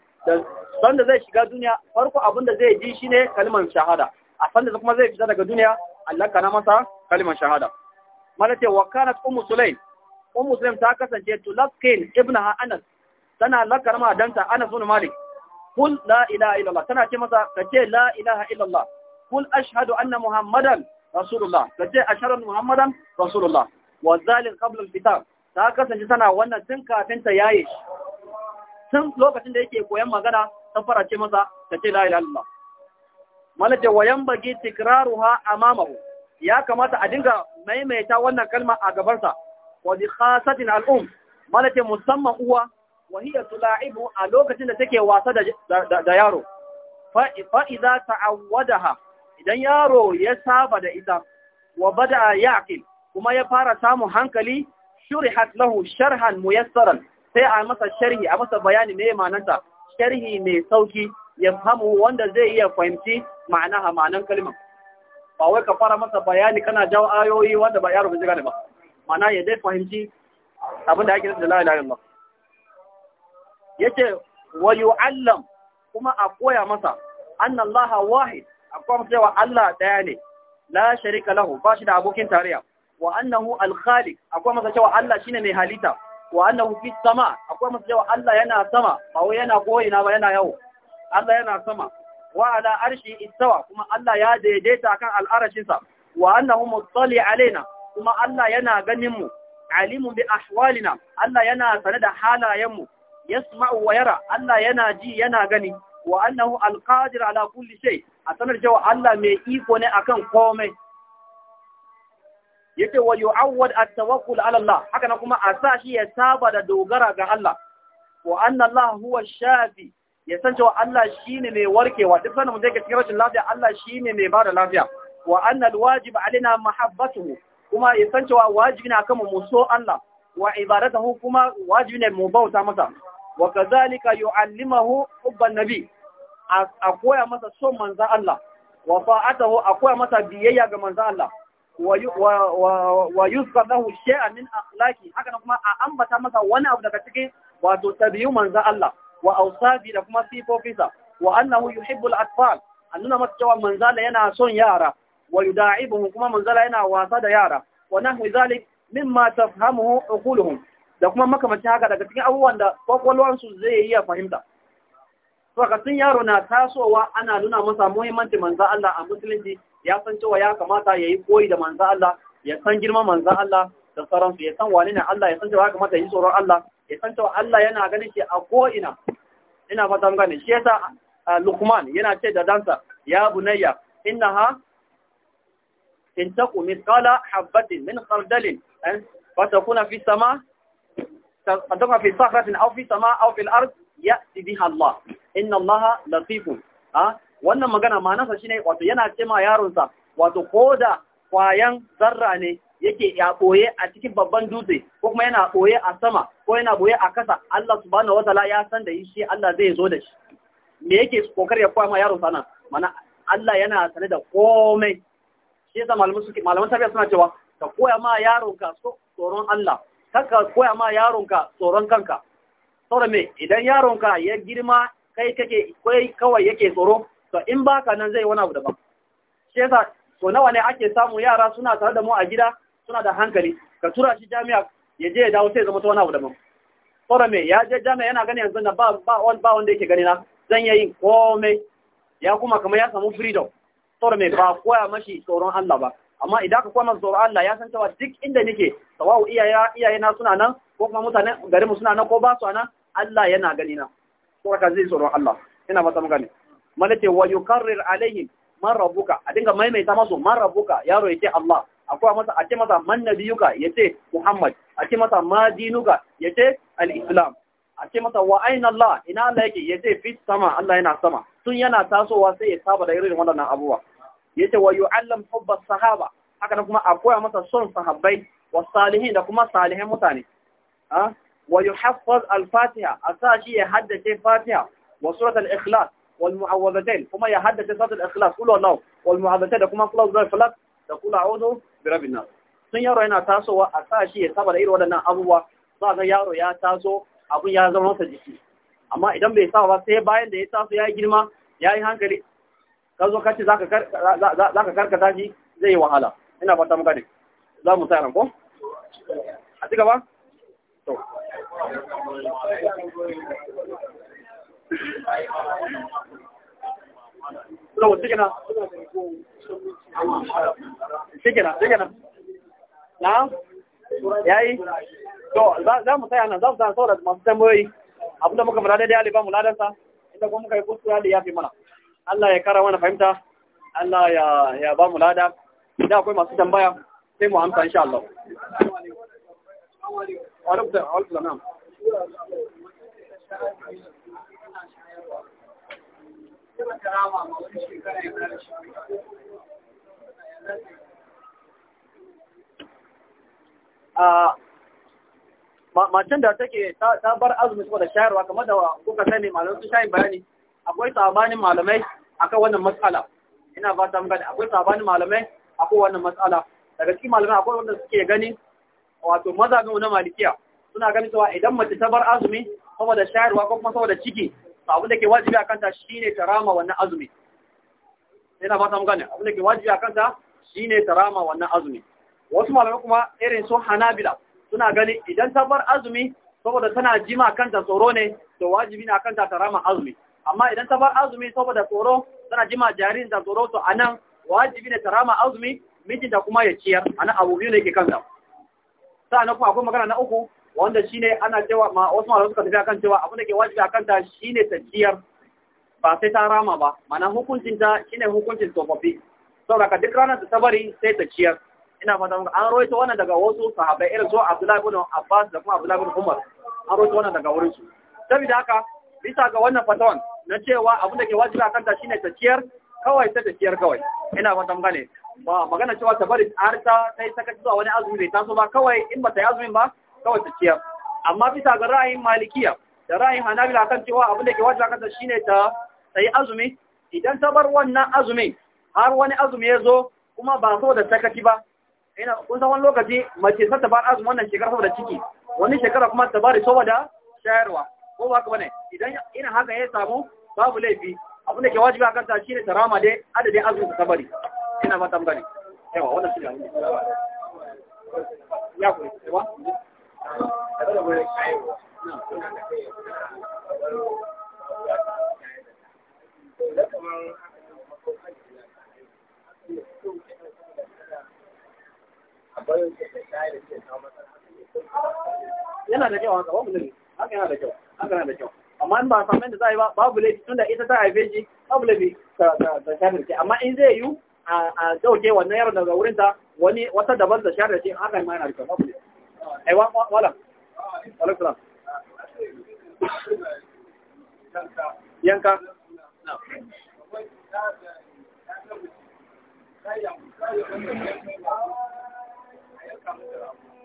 sanda zai shiga duniya farko abin da zai ji shine kalmar shahada a sanda kuma zai fita daga duniya Allah kana masa kalmar shahada mana ce wa kanat ummu sulaim ummu sulaim ta kasance to lakin ibnu anas tana lakar ma danta anas ibn malik kul la ilaha illallah tana ce masa kace la ilaha illallah kul ashhadu anna muhammadan rasulullah ka ce asharar muhammadan rasulullah wa zalin qabla ta kasance tana wannan tun kafin ta yaye shi tun lokacin da yake koyan magana ta farace masa ta ce la ilaha illallah malaka wayan bagi tikraruha amamahu ya kamata a dinga maimaita wannan kalma a gabarsa wa bi khasatin al musamman uwa wa hiya tula'ibu a lokacin da take wasa da yaro fa'iza iza ta'awwadaha idan yaro ya saba da ita wa bada yaqil kuma ya fara samun hankali shurihat lahu sharhan muyassaran sai a masa sharhi a masa bayani me ma'anarsa sharhi mai sauki ya fahimu wanda zai iya fahimci ma'ana ma'anan kalma ba wai ka fara masa bayani kana jawo ayoyi wanda ba yaro bai gane ba ma'ana ya dai fahimci abin da ake nufi da la ilaha illallah yace wa yu'allam kuma a koya masa anna allaha wahid akwai cewa Allah ɗaya ne la sharika lahu ba shi da abokin tarayya wa annahu al-khaliq akwai masa cewa Allah shine mai halitta wa annahu fi sama akwai masa cewa Allah yana sama ba wai yana koyina ba yana yawo Allah yana sama wa ala arshi istawa kuma Allah ya daidaita kan al'arashin sa wa annahu muttali alaina kuma Allah yana ganin mu alimun bi ahwalina Allah yana sane da halayen mu yasma'u wa yara Allah yana ji yana gani wa annahu al-qadir ala kulli shay a sanar cewa Allah mai iko ne akan komai yace wa yu'awwad at-tawakkul ala Allah haka na kuma a sa shi ya saba da dogara ga Allah wa anna Allah huwa shafi ya san cewa Allah shine mai warkewa duk sanin mutum yake cikin rashin lafiya Allah shine mai bada lafiya wa anna al-wajib alaina mahabbatuhu kuma ya san cewa wajibi ne akan mu so Allah wa ibadatuhu kuma wajibi ne mu bauta masa wa kadhalika yu'allimahu hubban nabi a koya masa son manzan Allah wa fa'atahu a koya masa biyayya ga manzan Allah wa yuzkar lahu shay'an min akhlaqi haka kuma a ambata masa wani abu daga cikin wato tabiyu manzan Allah wa awsafi da kuma sifofisa wa annahu yuhibbul atfal an nuna masa cewa manzala yana son yara wa yuda'ibuhum kuma manzala yana wasa da yara wa min zalik mimma tafhamuhu uquluhum da kuma makamancin haka daga cikin abubuwan da kwakwalwansu zai iya fahimta Saka tun yaro na tasowa ana nuna masa muhimmanci manzan Allah a musulunci ya san cewa ya kamata ya yi koyi da manzan Allah, ya san girma manzan Allah da sauransu, ya san wani ne Allah, ya san cewa ya kamata ya yi tsoron Allah, ya san cewa Allah yana ganin shi a ko'ina. Ina fata mun gane, shi yasa Lukman yana ce da dansa, ya bunayya, inna ha in taku misqala habatin min khardalin eh, fatakuna fi sama fatakuna fi sahratin aw fi sama aw fil ard ya'ti biha Allah. inna allaha latifun ha wannan magana manasa shine wato yana cewa yaronsa wato koda kwayan zarra ne yake ya boye a cikin babban dutse ko kuma yana boye a sama ko yana boye a kasa Allah subhanahu wataala ya san da shi Allah zai zo da shi me yake kokar ya kwama yaron sa nan mana Allah yana sane da komai shi yasa malaman suke malaman tafiya suna cewa ka koya ma yaronka tsoron Allah kaka koya ma yaronka tsoron kanka saboda me idan yaronka ya girma kai kake kai kawai yake tsoro to in baka nan zai wani abu daban shi yasa to nawa ne ake samu yara suna tare da mu a gida suna da hankali ka tura shi jami'a ya je ya dawo sai zama ta wani abu daban tsoro me ya je jami'a yana gani yanzu na ba ba ba wanda yake gani na zan yayi komai ya kuma kamar ya samu freedom tsoro me ba koya mashi tsoron Allah ba amma idan ka kwana tsoron Allah ya san cewa duk inda nake sawa'u iyaye iyaye na suna nan ko kuma mutanen garinmu suna nan ko ba su nan Allah yana gani na ko zai tsoron Allah ina fata muka ne malake wa yukarrir alaihim man rabbuka a dinga maimaita masu man rabbuka yaro yace Allah akwai masa a ce masa man nabiyuka yace Muhammad a ce masa ma dinuka yace al-islam a ce masa wa aina Allah ina Allah yake yace fi sama Allah yana sama tun yana tasowa sai ya saba da irin wannan abubuwa yace wa yu'allam hubba sahaba haka kuma a koya masa son sahabbai wa salihin da kuma salihin mutane ah? wa yuhaffaz al-fatiha a sa shi ya haddace fatiha wa surat al-ikhlas kuma ya haddace surat al-ikhlas kullu wallahu wal da kuma kullu zai falak da kullu a'udhu bi rabbin nas sun yaro yana tasowa a sa shi ya saba da irin waɗannan abubuwa za ga yaro ya taso abun ya zama masa jiki amma idan bai sa ba sai bayan da ya taso ya yi girma ya yi hankali ka zo za ka karkata shi zai yi wahala ina fata muka ne za mu sa ko a ci to shikenan shikenan na na'am yayi to za mu tsaya nan za mu tsaya saboda masu tambayoyi abinda muka fara daidai alifa mu ladansa inda kuma muka yi kuskura da fi mana Allah ya kara mana fahimta Allah ya ya ba mu lada idan akwai masu tambaya sai mu amsa insha Allah all of them, macen da take ta bar azumi saboda shayarwa kamar da kuka sani malamai sun shayin bayani akwai sabanin malamai akan wannan matsala ina ba ta gani akwai sabanin malamai akwai wannan matsala daga cikin malamai akwai wanda suke gani wato mazhabin na malikiya suna ganin cewa idan mace ta bar azumi saboda shayarwa ko kuma saboda ciki abin da ke wajibi a kanta shine ta rama wannan azumi Sai na fata mun gane abin da ke wajibi a kanta shine ta rama wannan azumi wasu malamai kuma irin su hanabila suna gani idan ta bar azumi saboda tana jima kanta tsoro ne to wajibi na kanta ta rama azumi amma idan ta bar azumi saboda tsoro tana jima jaririn da tsoro to anan wajibi ne ta rama azumi mijinta kuma ya ciyar anan abubuwan biyu yake kanta sa'annan kuma akwai magana na uku wanda shine ana cewa ma wasu malamai suka tafi akan cewa abin da ke wajibi akan ta shine tafiyar ba sai ta rama ba mana hukuncin ta shine hukuncin tsofaffi saboda ka duk ranar da ta bari sai ta ciyar ina fata muku an rawaito wannan daga wasu sahabbai irin su Abdullahi ibn Abbas da kuma Abdullahi ibn Umar an rawaito wannan daga wurin su saboda haka bisa ga wannan fatawan na cewa abin da ke wajibi akan ta shine ta ciyar kawai sai ta ciyar kawai ina fata muku ne ba magana cewa ta bari har ta sai saka zuwa wani azumi bai taso ba kawai in ba ta yi azumin ba kawai ta ciyar amma bisa ga ra'ayin malikiya da ra'ayin hanabila kan cewa abin da ke wajen kasa shine ta ta yi azumi idan ta bar wannan azumin har wani azumi ya zo kuma ba so da sakaci ba ina kun san wani lokaci mace ta bar azumi wannan shekara saboda ciki wani shekara kuma ta bari saboda shayarwa ko ba ka bane idan ina haka ya samu babu laifi abin da ke wajibi a shi ne ta rama dai adadin azumi ta bari ina mata gani yawa wannan shi ne ya ku yawa yana da kyau haka babu ne haka yana da kyau haka yana da kyau amma in ba samun da za a yi ba babu laifi tunda ita ta haife shi babu laifi ta amma in zai yiwu a dauke wannan yaron daga wurin ta wani wata dabar da shari'a ce an ma yana rikon mafi ai wala wala kula yanka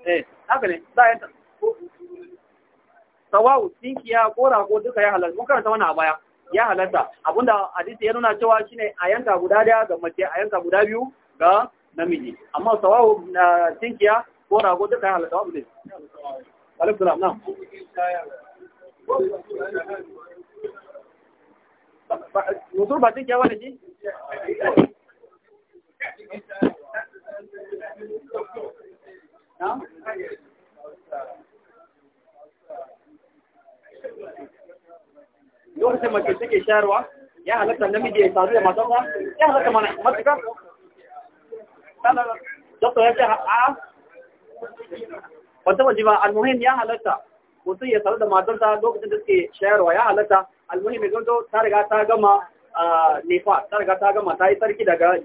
eh haka ne za a yanta sawawu tinkiya ko rako duka ya halar mun karanta wani a baya ya halatta abinda hadisi ya nuna cewa shine a yanka guda daya ga mace a yanka guda biyu ga namiji amma sawahu na tinkiya ko rago duka ya halatta abu ne alif salam na mutum ba tinkiya wani ji na lokacin mace take shayarwa ya halatta namiji ya sadu da matarsa ya halatta mana matuka doktor ya ce a wata waje ba almuhim ya halatta mutum ya sadu da matarsa lokacin da suke shayarwa ya halatta almuhim ya zonto ta riga ta gama nefa ta riga ta gama ta yi sarki daga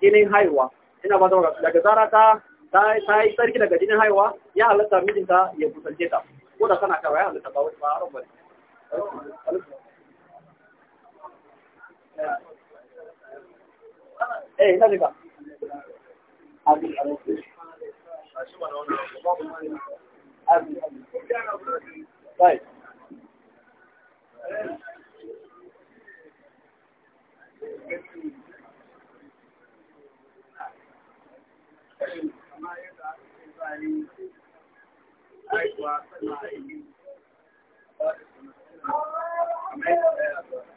jinin haihuwa ina ba zama daga zara ta ta yi sarki daga jinin haihuwa ya halatta mijinta ya kusance ta ko da kana kawai ya halatta ba wani ba a eh Thank you.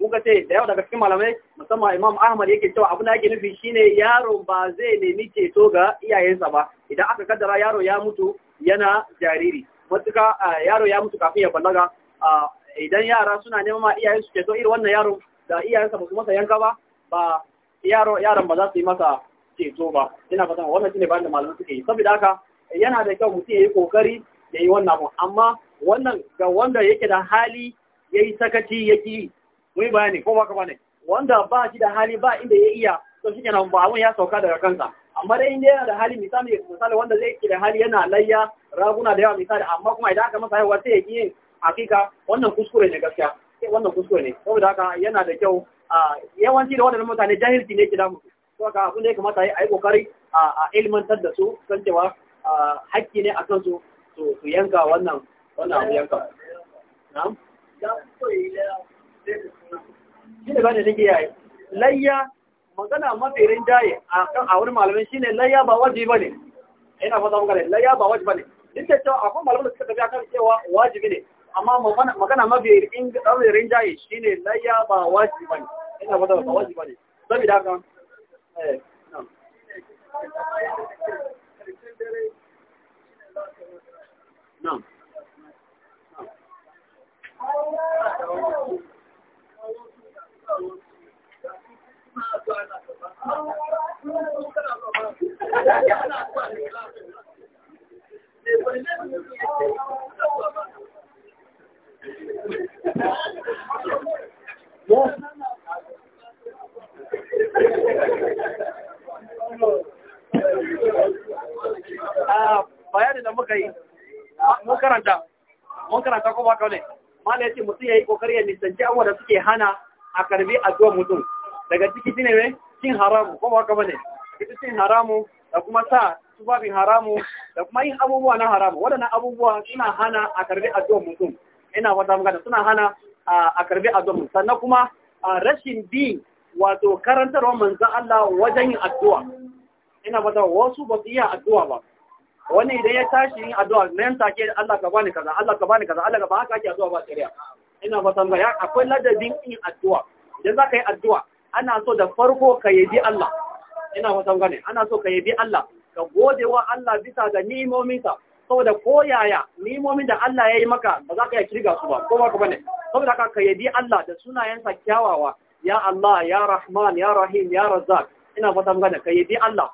muka ce da yawa daga cikin malamai musamman imam ahmad yake cewa abin da yake nufi shine yaro ba zai nemi ceto ga iyayensa ba idan aka kaddara yaro ya mutu yana jariri matuka yaro ya mutu kafin ya balaga idan yara suna neman ma iyayen su ceto irin wannan yaro da iyayensa ba su masa yanka ba ba yaro yaron ba za su yi masa ceto ba ina fata wannan shine bayan da malamai suke yi saboda haka yana da kyau mutum ya yi kokari ya yi wannan amma wannan ga wanda yake da hali ya yi sakaci ya ki muyi bayani ko baka bane wanda ba shi da hali ba inda ya iya to shi kenan ba abun ya sauka daga kansa amma dai inda yana da hali misali misali wanda zai ki da hali yana layya raguna da yawa misali amma kuma idan aka masa haihuwa sai ya yin hakika wannan kuskure ne gaskiya sai eh, wannan kuskure ne saboda haka yana da kyau yawanci da waɗannan mutane jahilci ne ki damu to haka abun da ya kamata a yi kokari a ilmantar da su san cewa hakki ne akan su su yanka wannan wannan abu yanka na'am shi ne ba da nake yayi layya magana mafi rinjaye a kan a wurin malamin shi ne layya ba wajibi ba ne ina fata muka ne layya ba wajibi ba ne duk da cewa akwai malamin da suka tafi akan cewa wajibi ne amma magana mafi rinjaye shi ne layya ba wajibi ba ne ina fata ba wajibi ba ne saboda haka eh Na'am. Ah, bayanin da muka mun karanta mun karanta kuma kawai mana ya ce mutum ya yi ƙoƙari ya nisanci abubuwa da suke hana a karbi addu'a mutum daga ciki shi ne cin haramu ko ba kama ne? ita cin haramu da kuma sa tufafin haramu da kuma yin abubuwa na haramu waɗannan abubuwa suna hana a karbi addu'a mutum ina wata magana suna hana a karbi addu'a mutum sannan kuma rashin bi wato karantarwa manzan Allah wajen yin addu'a ina wata wasu ba su iya addu'a ba wani idan ya tashi yin addu'a nan take Allah ka bani kaza Allah ka bani kaza Allah ka ba haka ake addu'a ba shari'a ina fatan ga akwai ladabin yin addu'a idan za ka yi addu'a ana so da farko ka yabi Allah ina fatan gane ana so ka yabi Allah ka gode wa Allah bisa ga ni'imominsa saboda ko yaya ni'imomin da Allah ya yi maka ba za ka yi kirga su ba ko ba ka bane saboda haka ka yabi Allah da sunayensa kyawawa ya Allah ya Rahman ya Rahim ya Razzaq ina fatan gane ka yabi Allah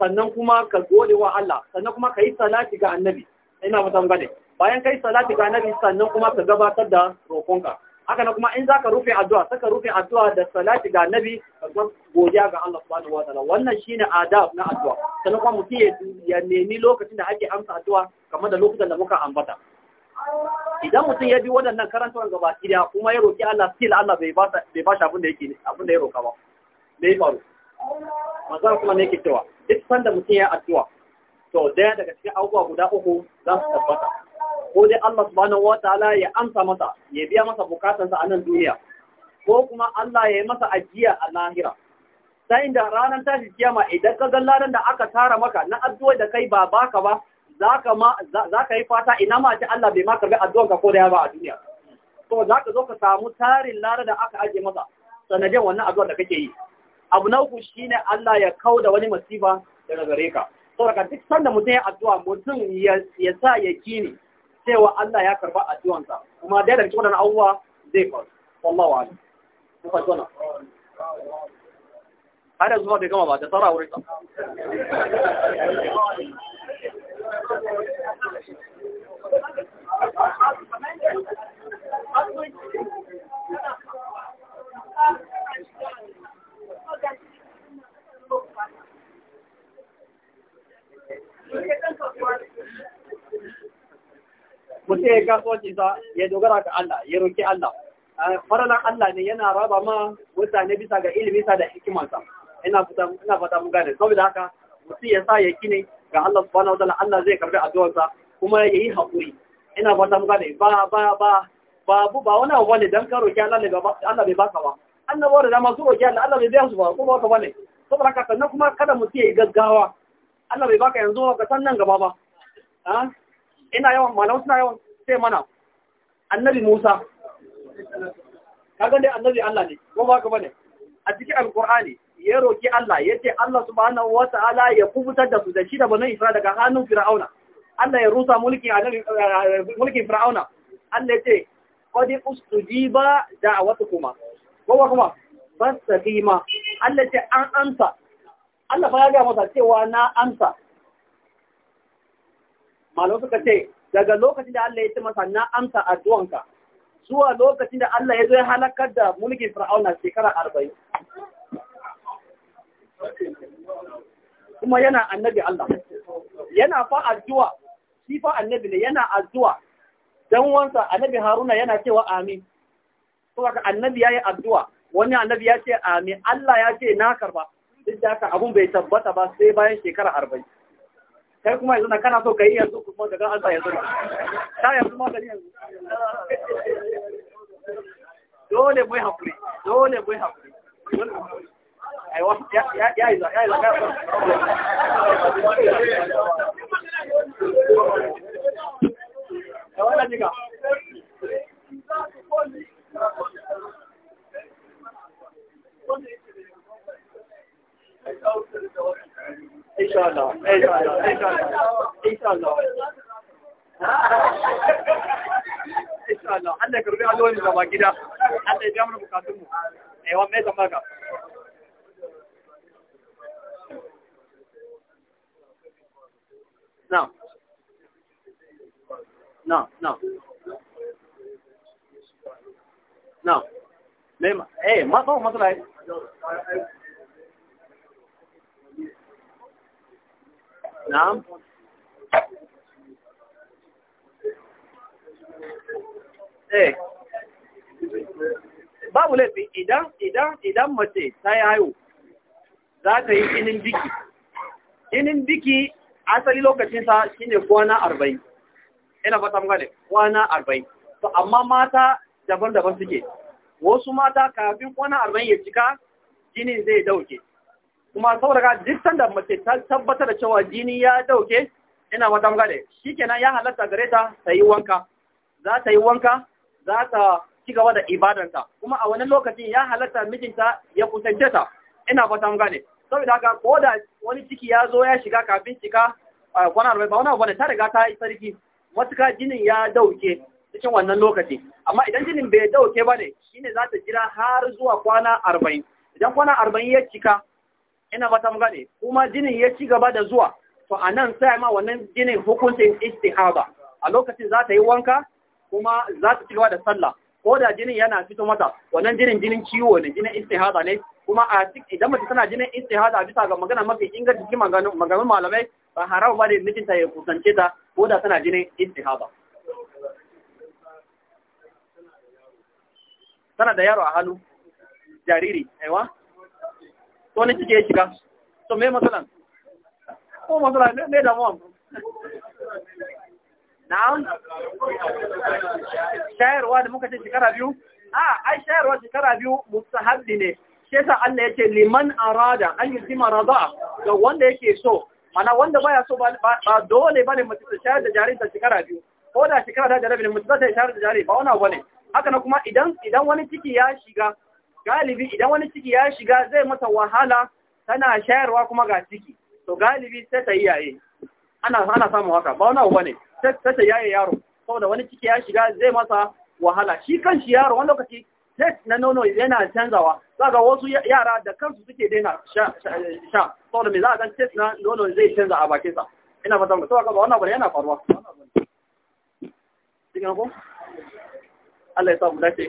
sannan kuma ka gode wa Allah sannan kuma ka yi salati ga annabi ina mutan bane bayan kai salati ga nabi sannan kuma ka gabatar da rokonka. haka na kuma in zaka rufe addu'a saka rufe addu'a da salati ga nabi kuma godiya ga Allah subhanahu wataala wannan shine adab na addu'a sannan kuma mutum ya nemi lokacin da ake amsa addu'a kamar da lokutan da muka ambata idan mutum ya bi waɗannan karantawan gaba ɗaya kuma ya roƙi Allah still Allah bai ba bai ba shi abin da yake abin da ya roka ba me faru manzon kuma ne yake cewa duk sanda mutum ya addu'a to daya daga cikin abubuwa guda uku za su tabbata ko dai Allah subhanahu wataala ya amsa masa ya biya masa bukatansa a nan duniya ko kuma Allah ya yi masa ajiya a lahira Sai da ranar tashi kiyama idan ka ga ladan da aka tara maka na addu'a da kai ba baka ba zaka ma zaka yi fata ina ma Allah bai ma karbi addu'ar ka ko da ya ba a duniya to zaka zo ka samu tarin ladan da aka aje masa sanadin wannan addu'ar da kake yi abu na uku shine Allah ya kauda wani masifa daga gare ka sauraka duk sanda mutum ya addu'a mutum ya sa ya kini cewa Allah ya karba addu'ansa kuma da daga cikin wannan abubuwa zai faru wallahu a'lam ku fahimta na har yanzu bai gama ba da tsara wurin sa zai kasuwanci sa ya dogara ga Allah ya roki Allah faralan Allah ne yana raba ma mutane bisa ga ilimi sa da hikimansa ina fata ina fata mun gane saboda haka mutum ya sa yaki ne ga Allah subhanahu wataala Allah zai karbi addu'arsa kuma yayi hakuri ina fata mun gane ba ba ba bu ba wani abu ne dan ka roki Allah Allah bai baka ba annabawa da dama su roki Allah Allah bai biya su ba ko ba ka bane saboda haka sannan kuma kada mutum yi gaggawa Allah bai baka yanzu ka san nan gaba ba ina yawan malau suna yawan ce mana annabi Musa kaga dai annabi Allah ne ko ba ka bane a cikin alqur'ani ya roki Allah yace Allah subhanahu wataala ya kubutar da su da shi da banu Isra'ila daga hannun Fir'auna Allah ya rusa mulki eh, mulkin Fir'auna Allah yace qad ustujiba da'watukuma ko ba kuma fastaqima Allah yace an amsa Allah fa ya ga masa cewa na amsa malo suka ce daga lokacin da Allah ya ce masa na amsa addu'anka zuwa lokacin da Allah ya zo ya halakar da mulkin Fir'auna shekara arba'in. Kuma yana annabi Allah, yana fa addu'a, shi fa annabi ne yana addu'a, don wansa annabi Haruna yana cewa amin. Kuma ka annabi ya yi addu'a, wani annabi ya ce amin, Allah ya ce na karba, duk da haka abun bai tabbata ba sai bayan shekara arba'in. kai kuma yanzu na kana so ka yi yanzu kuma daga an sa yanzu ta yanzu ma gani yanzu dole mu yi hakuri dole mu yi hakuri aiwa ya ya yi ya yi ka wannan jika Thank you. İnşallah. İnşallah. İnşallah. İnşallah. İnşallah. Allah karbi alwani da ba gida. Allah ya mana bukatun mu. Eh wa mai tambaka. Na'am. Na'am, na'am. Na'am. Mai ma eh ma ba نعم eh babu laifi idan idan idan mace ta yi hayo za ta yi jinin biki jinin biki asali lokacinsa shine kwana arba'in ina fata gane kwana arba'in to amma mata daban-daban suke wasu mata kafin kwana arba'in ya cika jinin zai dauke kuma saboda duk sanda mace ta tabbatar da cewa jini ya dauke ina wata magana shikenan ya halatta gare ta ta yi wanka za ta yi wanka za ta ci gaba da ibadanta kuma a wani lokacin ya halatta mijinta ya kusance ta ina wata magana saboda haka ko da wani ciki ya zo ya shiga kafin cika kwana arba'in ba wani abu ne ta riga ta yi sarki matuka jinin ya dauke cikin wannan lokaci amma idan jinin bai dauke ba ne shine za ta jira har zuwa kwana arba'in idan kwana arba'in ya cika ina ba ta gane kuma jinin ya ci gaba da zuwa to a nan sai ma wannan jinin hukuncin istihaba a lokacin za ta yi wanka kuma za ta ci gaba da sallah ko da jinin yana fito mata wannan jinin jinin ciwo ne jinin istihaba ne kuma a cik idan mace tana jinin istihaba bisa ga magana mafi inganci cikin maganganun malamai ba haram ba ne ta ya kusance ta ko da tana jinin istihaba. tana da yaro a hannu jariri aiwa to ne kike shiga to me matsalan ko matsala ne ne da mu na'am shayarwa da muka ce shekara biyu a ai shayarwa shekara biyu mustahabbi ne shi yasa Allah yake liman arada an yuzima rada ga wanda yake so mana wanda baya so ba dole bane mutum ta shayar da jarinta shekara biyu ko da shekara da jarabi ne mutum ta shayar da jari ba wani abu ne haka na kuma idan idan wani ciki ya shiga galibi idan wani ciki ya shiga zai mata wahala tana shayarwa kuma ga ciki to galibi sai ta iyaye ana ana samun haka ba wani bane sai ta iyaye yaro saboda wani ciki ya shiga zai masa wahala shi kan shi yaro wani lokaci test na nono yana canzawa za ga wasu yara da kansu suke daina sha saboda me za a ga test na nono zai canza a bakin sa ina fata mu saboda ba wannan bane yana faruwa cikin Allah ya sa mu dace